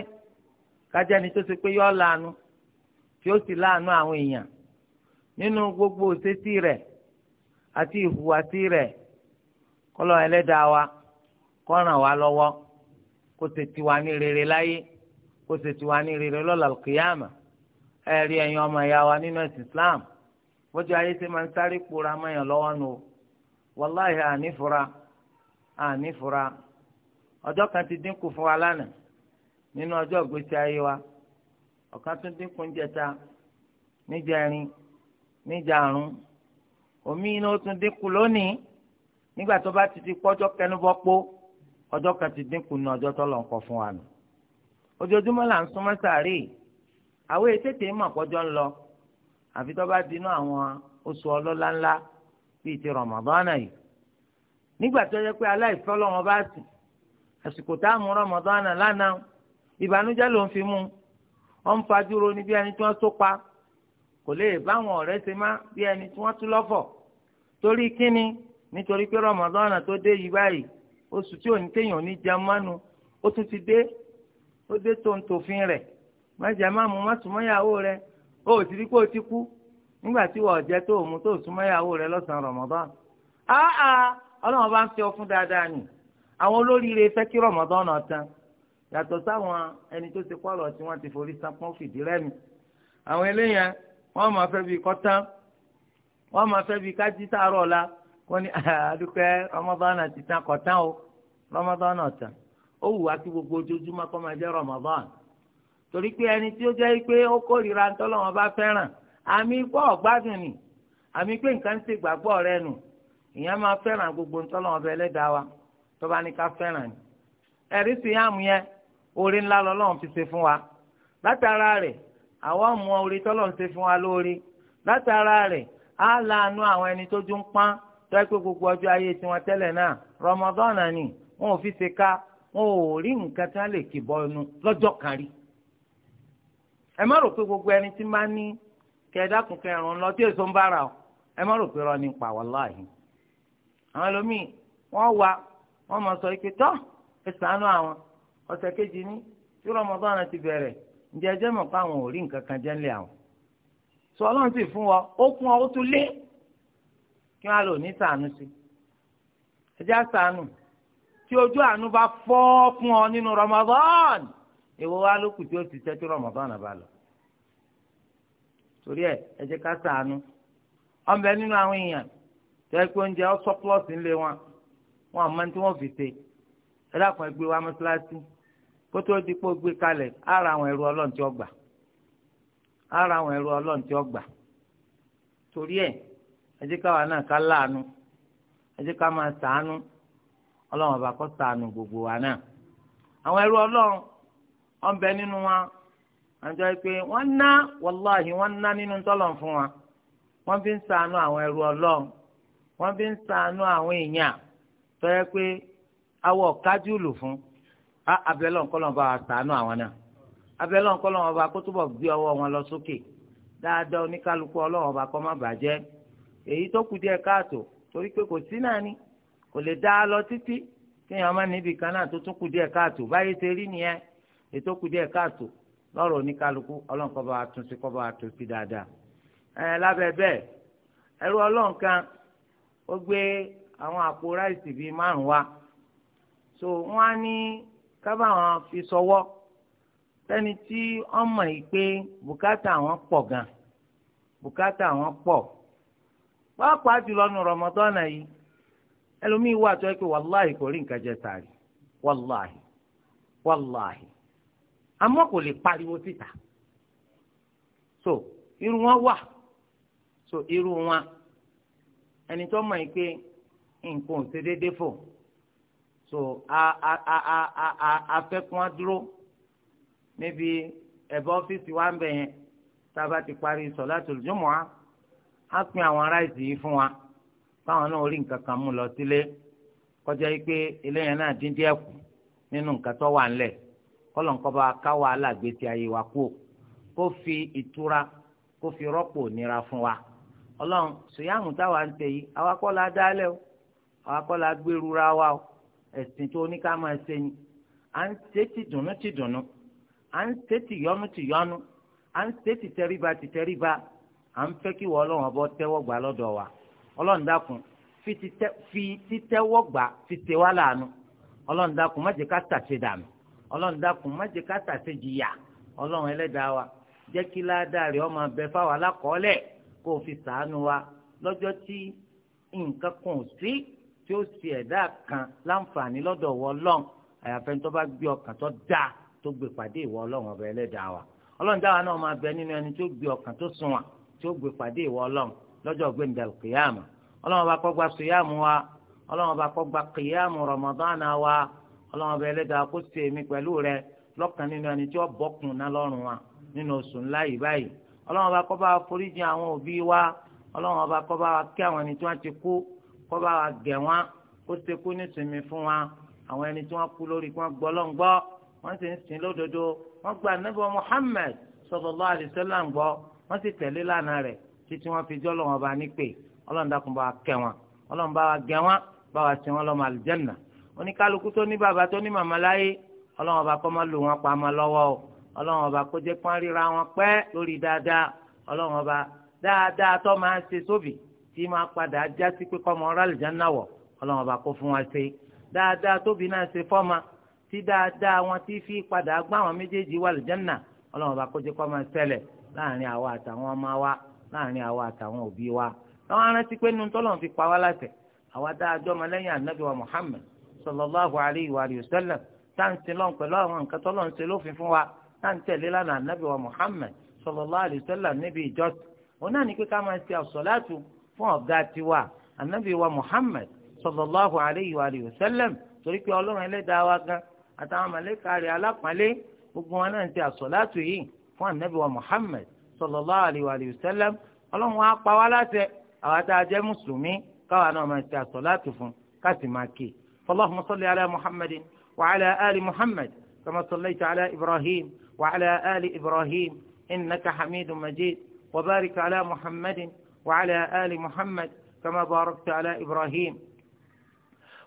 kájẹ́ ẹni tó ṣe pé yọ láàánú tí ó sì láàánú àwọn èèyàn nínú gbogbo òṣèṣì rẹ̀ àti ìhùwàsí rẹ̀ kọ́lọ́ ẹlẹ́dàá wa kó ràn wá lọ́wọ́ kó tètè wá ní rere láyé. kó ṣe tiwa ní rere lọ́la kìyàmà ẹ̀rí ẹ̀yin ọmọ ìyá wa nínú ẹ̀sìn Islam bójú ayé si máa ń sáré kpora mọ́yàn lọ́wọ́ nù wàláhì ànífura ànífura ọjọ́ kan ti dínkù fún wa lánàá nínú ọjọ́ ayé wa ọ̀kan tún dínkù ń omi iná tún dínkù lónìí nígbà tó bá ti di pọ́jọ́ kẹnubọ́pọ́ ọjọ́ kan ti dínkù ní ọjọ́ tó fún ojoojúmọ́ là ń súnmọ́ sàárè àwọn ètètè mọ̀ pọ́jọ́ ń lọ àfi tó bá dinú àwọn oṣù ọlọ́lá ńlá bíi ti rọ̀mọ̀dọ́nà yìí nígbà tó yẹ pé aláìfẹ́ ọlọ́wọ́n bá sì àsìkò tá a mú rọ̀mọ̀dọ́nà lánàá ìbànújẹ́ ló ń fi mú ọ ń fajúro ní bí ẹni tí wọ́n tó pa kò lè báwọn ọ̀rẹ́ ṣe má bí ẹni tí wọ́n tú lọ́fọ̀ torí kíni nítorí pé rọ̀mọ̀dọ́nà tó dé yìí báyìí oṣù tí òní téèyàn ní jẹun mánu ó tún ti dé ó dé tó ń tòfin rẹ̀ má jẹ́ má mu má súnmọ́ ìyàwó rẹ̀ ó sì rí o ti kú nígbà tí wọ́n tó mu tó súnmọ́ ìyàwó rẹ̀ lọ́sàn-án Ramadan áá ọlọ́run bá ń fi ọ dáadáa nì àwọn olóríire fẹ́ kí Ramadan náà tán yàtọ̀ sáwọn ẹni tó ti pọ̀lọ̀ tí ti àwọn eléyàn wọ́n máa fẹ́ bí la ni náà ti tán o náà tán. ó wù wá kí gbogbo ojoojúmọ́ kó máa jẹ́ Ramadan torí pé ẹni tí ó jẹ́ pé ó kórìíra ntọ́lọ́wọ́n bá fẹ́ràn àmì pọ̀ gbádùn ni àmì pé nǹkan ń ṣe gbàgbọ́ rẹ nù ìyẹn máa fẹ́ràn gbogbo ntọ́lọ́wọ́n bẹ lẹ́dàá wa tó bá ní ká fẹ́ràn ni ẹ̀rí sì yàmù yẹn orí ńlá lọ́lọ́run fi ṣe fún wa látara rẹ̀ àwọn ọmọ orí tọ́lọ́run ṣe fún wa lórí látara rẹ̀ á láàánú àwọn ẹni tójú ń pán tó ẹ pé gbogbo ọjọ́ ayé tiwọn tẹ́lẹ̀ náà Ramadan ni wọn ò fi ṣe ká wọn ò rí nǹkan tá a lè kì inú lọ́jọ́ gbogbo ẹni tí máa ní kẹdákùn kẹrùn lọ tí èso ń bára o ẹ má rò pé rọ ní pa àwọn ẹlòmíì wọn wá wọn sọ pé tọ́ ẹ àwọn ọ̀sẹ̀ kejì ní tí ti bẹ̀rẹ̀ ǹjẹ́ ẹjẹ́ mọ̀ pé àwọn ò rí nǹkan kan jẹ́ àwọn sọ ọlọ́run sì fún ọ ó tí ojú àánú bá fọ́ fún ọ nínú Ramadan èwo wá lókù tí ó ti tẹ́tí Ramadan bá lọ. torí ẹ ẹ jẹ́ ká ṣàánú ọmọbẹ nínú àwọn èèyàn tẹ́ pé oúnjẹ ọ sọ́pọ̀lọ́sì ńlẹ̀ wọn wọn àmọ́ tí wọ́n fi ṣe ẹ dákun ẹ gbé wa mọ́ṣáláṣí kó tó di pé ó gbé kalẹ̀ ara àwọn ẹrú ọlọ́run tí ó gbà ara àwọn ẹrú ọlọ́run tí ó gbà torí ẹ ẹ jẹ́ káwa náà ká láàánú ẹ jẹ́ ká máa ṣàánú ọlọ́run ọba kọ́ ṣàánú gbogbo wa náà àwọn ẹrú ọlọ́run wọ́n bẹ nínú wa àjọ pé wọ́n ná wàláhì wọ́n ná nínú tọ́lọ̀ fún wa wọ́n fi ń ṣàánú àwọn ẹrú ọlọ́run wọ́n fi ń ṣàánú àwọn èèyàn tó yẹ pé awọ kájú lò fún abẹ́lẹ̀ ọ̀kọ́lọ́ bá wa ṣàánú àwọn náà abẹ́lẹ̀ ọ̀kọ́lọ́ bá kó túbọ̀ gbé ọwọ́ wọn lọ sókè dáadáa oníkálukú ọlọ́run bá kọ́ má bàjẹ́ èyí tó kù díẹ̀ káàtó torí pé kò sí náà ni kò lè dá a lọ títí kéèyàn má níbi kan náà tó tún kù díẹ̀ káàtó báyìí ṣe rí nìyẹn ètò kù díẹ̀ káàtó lọ́rọ̀ oníkálukú ọlọ́run kó bá wa tún sí kó bá wa tún sí dáadáa. ẹ lábẹ́ bẹ́ẹ̀ ẹrú ọlọ́run kan ó gbé àwọn àpò ráìsì bíi márùn-ún wá so wọ́n á ní kábà wọn fi sọwọ́ sẹ́ni tí wọ́n mọ̀ yìí pé bùkátà wọn pọ̀ gan bùkátà wọn pọ̀ pàápàá jùlọ nù rọmọdọ́nà yìí ẹlòmíì wà tó yẹ pé wàláhì kò rí nǹkan jẹ sààrì wàláhì wàláhì àmọ́ kò lè pariwo síta so irú wọn wà so irú wọn ẹni tó mọ̀ yìí pé nǹkan ò ṣe déédéé fò so a a a a a a afẹ́kùn adúró níbi ẹ̀bá ọ́fíìsì wa ń bẹ̀ yẹn tá a bá ti parí sọ̀látùl jumu'a á pín àwọn aráàlú yìí fún wa káwọn náà rí nǹkan kan mú lọ sílé kọjá yìí pé eléyàn náà dín díẹ̀ kù nínú nǹkan tó wà ńlẹ̀ kọlọńkọba ká wàhálà gbèsè ayé wa kú kó fi ìtura kó fi rọ́pò nira fún wa Ọlọ́run sòyàmù táwa ń tẹ yìí àwa kọ́ la dálẹ o àwa la gbèrú ra wa o ẹ̀sìn tó ní máa ṣe ni à ń ṣe ti dùnú ti dùnú à ń ṣe ti yọnu ti yọnu à ń ṣe ti tẹríba ti tẹríba à ń fẹ́ kí wọ́n lọ́wọ́ bọ́ tẹ́wọ́ gbà lọ́dọ̀ wa ọlọ́run dákun fi títẹ́wọ́ gbà fi tẹ wá láàánú ọlọ́run dákun má jẹ́ ká tàṣe dànù ọlọ́run dákun má jẹ́ ká tàṣe jìyà ọlọ́run ẹlẹ́dàá wa jẹ́ kí ládàá rẹ̀ ọmọ abẹ fáwọn alákọ̀ọ́lẹ̀ kó o fi sàánú wa lọ́jọ́ tí nǹkan kan ò sí tí ó sì ẹ̀dá kan láǹfààní lọ́dọ̀ wọ ọlọ́run àyàfẹ́ tó bá gbé ọkàn tó dáa tó gbé pàdé ìwọ ọlọ́run ọba ẹlẹ́dàá wa ọlọ́run dáhà náà máa bẹ nínú ẹni tó gbé ọkàn tó sunwọ̀n tí gbé pàdé ìwọ ọlọ́run lọ́jọ́ gbẹ̀ndẹ̀ kìyàmù ọlọ́wọ́n bá kó gba sùyàmù wa ọlọ́wọ́n bá kó gba kìyàmù rọmọdánà wa ọlọ́wọ́n bá ẹlẹ́dàá kó ṣe èmi pẹ̀lú rẹ lọ́kàn nínú ẹni tí ó bọ́kùn náà lọ́rùn wa nínú oṣù ńlá yìí báyìí ọlọ́wọ́n bá kó bá wa foríjì àwọn òbí wa ọlọ́wọ́n bá kó bá wa kí àwọn ẹni tí wọ́n ti kú kó gẹ̀ wọ́n kó ṣe kú nísìnyí fún wa àwọn ẹni tí wọ́n kú lórí kí wọ́n wọ́n sì ń sìn lódodo wọ́n gba ànábì Muhammad sallallahu alaihi wasallam gbọ́ wọ́n sì tẹ̀lé lánàá rẹ̀ títí wọ́n fi jọ́ lọ́wọ́n bá ní pé ọlọ́run dákun bá wa kẹ́ wọn ọlọ́run bá wa gẹ̀ wọn bá wa sin wọn lọ́mọ àlùjẹ́nà oníkálukú tó ní bàbá tó ní màmá láyé ọlọ́run ọba kó má lù wọn pa mọ́ lọ́wọ́ o ọlọ́run ọba kó jẹ́ pọ́n ríra wọn pẹ́ lórí dáadáa ọlọ́run ọba dáadáa tó máa ń ṣe sóbì tí máa padà já sí pé kọ́mọ ọ̀rọ̀ àlùjẹ́nà wọ̀ ọlọ́run ọba kó fún wa ṣe dáadáa tóbi náà ṣe fọ́ma tí dáadáa wọn ti fi padà gbá àwọn méjèèjì wà àlùjẹ́nà ọlọ́run ọba kó jẹ́ kó máa ṣẹlẹ̀ láàrin àwa àtàwọn ọmọ wa láàrin àwa àtàwọn òbí wa táwọn arántí pé nínú tọ́lọ̀ fi pa wá láṣẹ àwa dá ajọ́ ọmọ lẹ́yìn ànábì wa Muhammad sallallahu alayhi wa sallam táǹtì lọ́n pẹ̀lú àwọn nǹkan tọ́lọ̀ ń ṣe lófin fún wa táǹtì ẹ̀lẹ́lànà ànábì wa Muhammad sallallahu alayhi wa sallam níbi ìjọsìn òun náà ní pé ká máa ṣe àṣọláàtù fún ọ̀gá tiwa ànábì wa Muhammad sallallahu alayhi wa sallam torí pé ọlọ́run ẹlẹ́dàá wa gan àtàwọn màlẹ́kà rẹ̀ alápàlẹ́ gbogbo wọn náà ń ṣe àṣọláàtù yìí fún ànábì wa Muhammad sallallahu alaihi wa sallam ọlọ́run á pa wá láṣẹ àwọn tá a jẹ́ mùsùlùmí káwa náà máa ṣe àsàlátù fún ká sì máa kí fallahumma salli ala muhammadin wa ala ali muhammad kama sallaita ala ibrahim wa ala ali ibrahim innaka hamidun majid wa barik ala muhammadin wa ala ali muhammad kama barakta ala ibrahim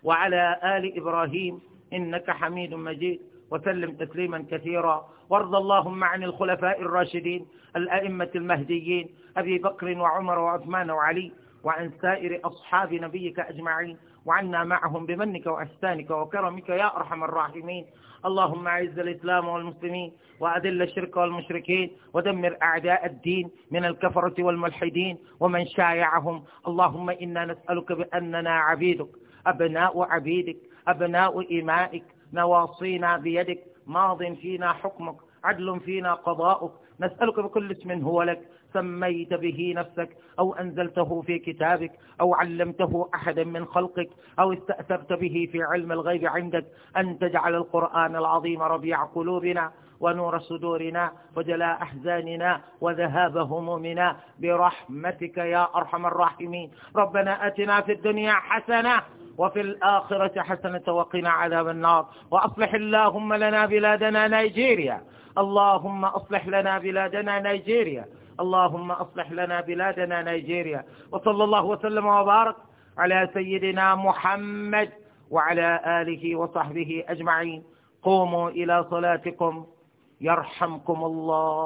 wa ala ali ibrahim innaka hamidun majid وسلم تسليما كثيرا وارض اللهم عن الخلفاء الراشدين الأئمة المهديين أبي بكر وعمر وعثمان وعلي وعن سائر أصحاب نبيك أجمعين وعنا معهم بمنك وأحسانك وكرمك يا أرحم الراحمين اللهم أعز الإسلام والمسلمين وأذل الشرك والمشركين ودمر أعداء الدين من الكفرة والملحدين ومن شايعهم اللهم إنا نسألك بأننا عبيدك أبناء عبيدك أبناء إمائك نواصينا بيدك ماض فينا حكمك عدل فينا قضاؤك نسألك بكل اسم هو لك سميت به نفسك أو أنزلته في كتابك أو علمته أحدا من خلقك أو استأثرت به في علم الغيب عندك أن تجعل القرآن العظيم ربيع قلوبنا ونور صدورنا وجلاء أحزاننا وذهاب همومنا برحمتك يا أرحم الراحمين ربنا أتنا في الدنيا حسنة وفي الآخرة حسنة وقنا عذاب النار وأصلح اللهم لنا بلادنا نيجيريا اللهم أصلح لنا بلادنا نيجيريا اللهم أصلح لنا بلادنا نيجيريا وصلى الله وسلم وبارك على سيدنا محمد وعلى آله وصحبه أجمعين قوموا إلى صلاتكم يرحمكم الله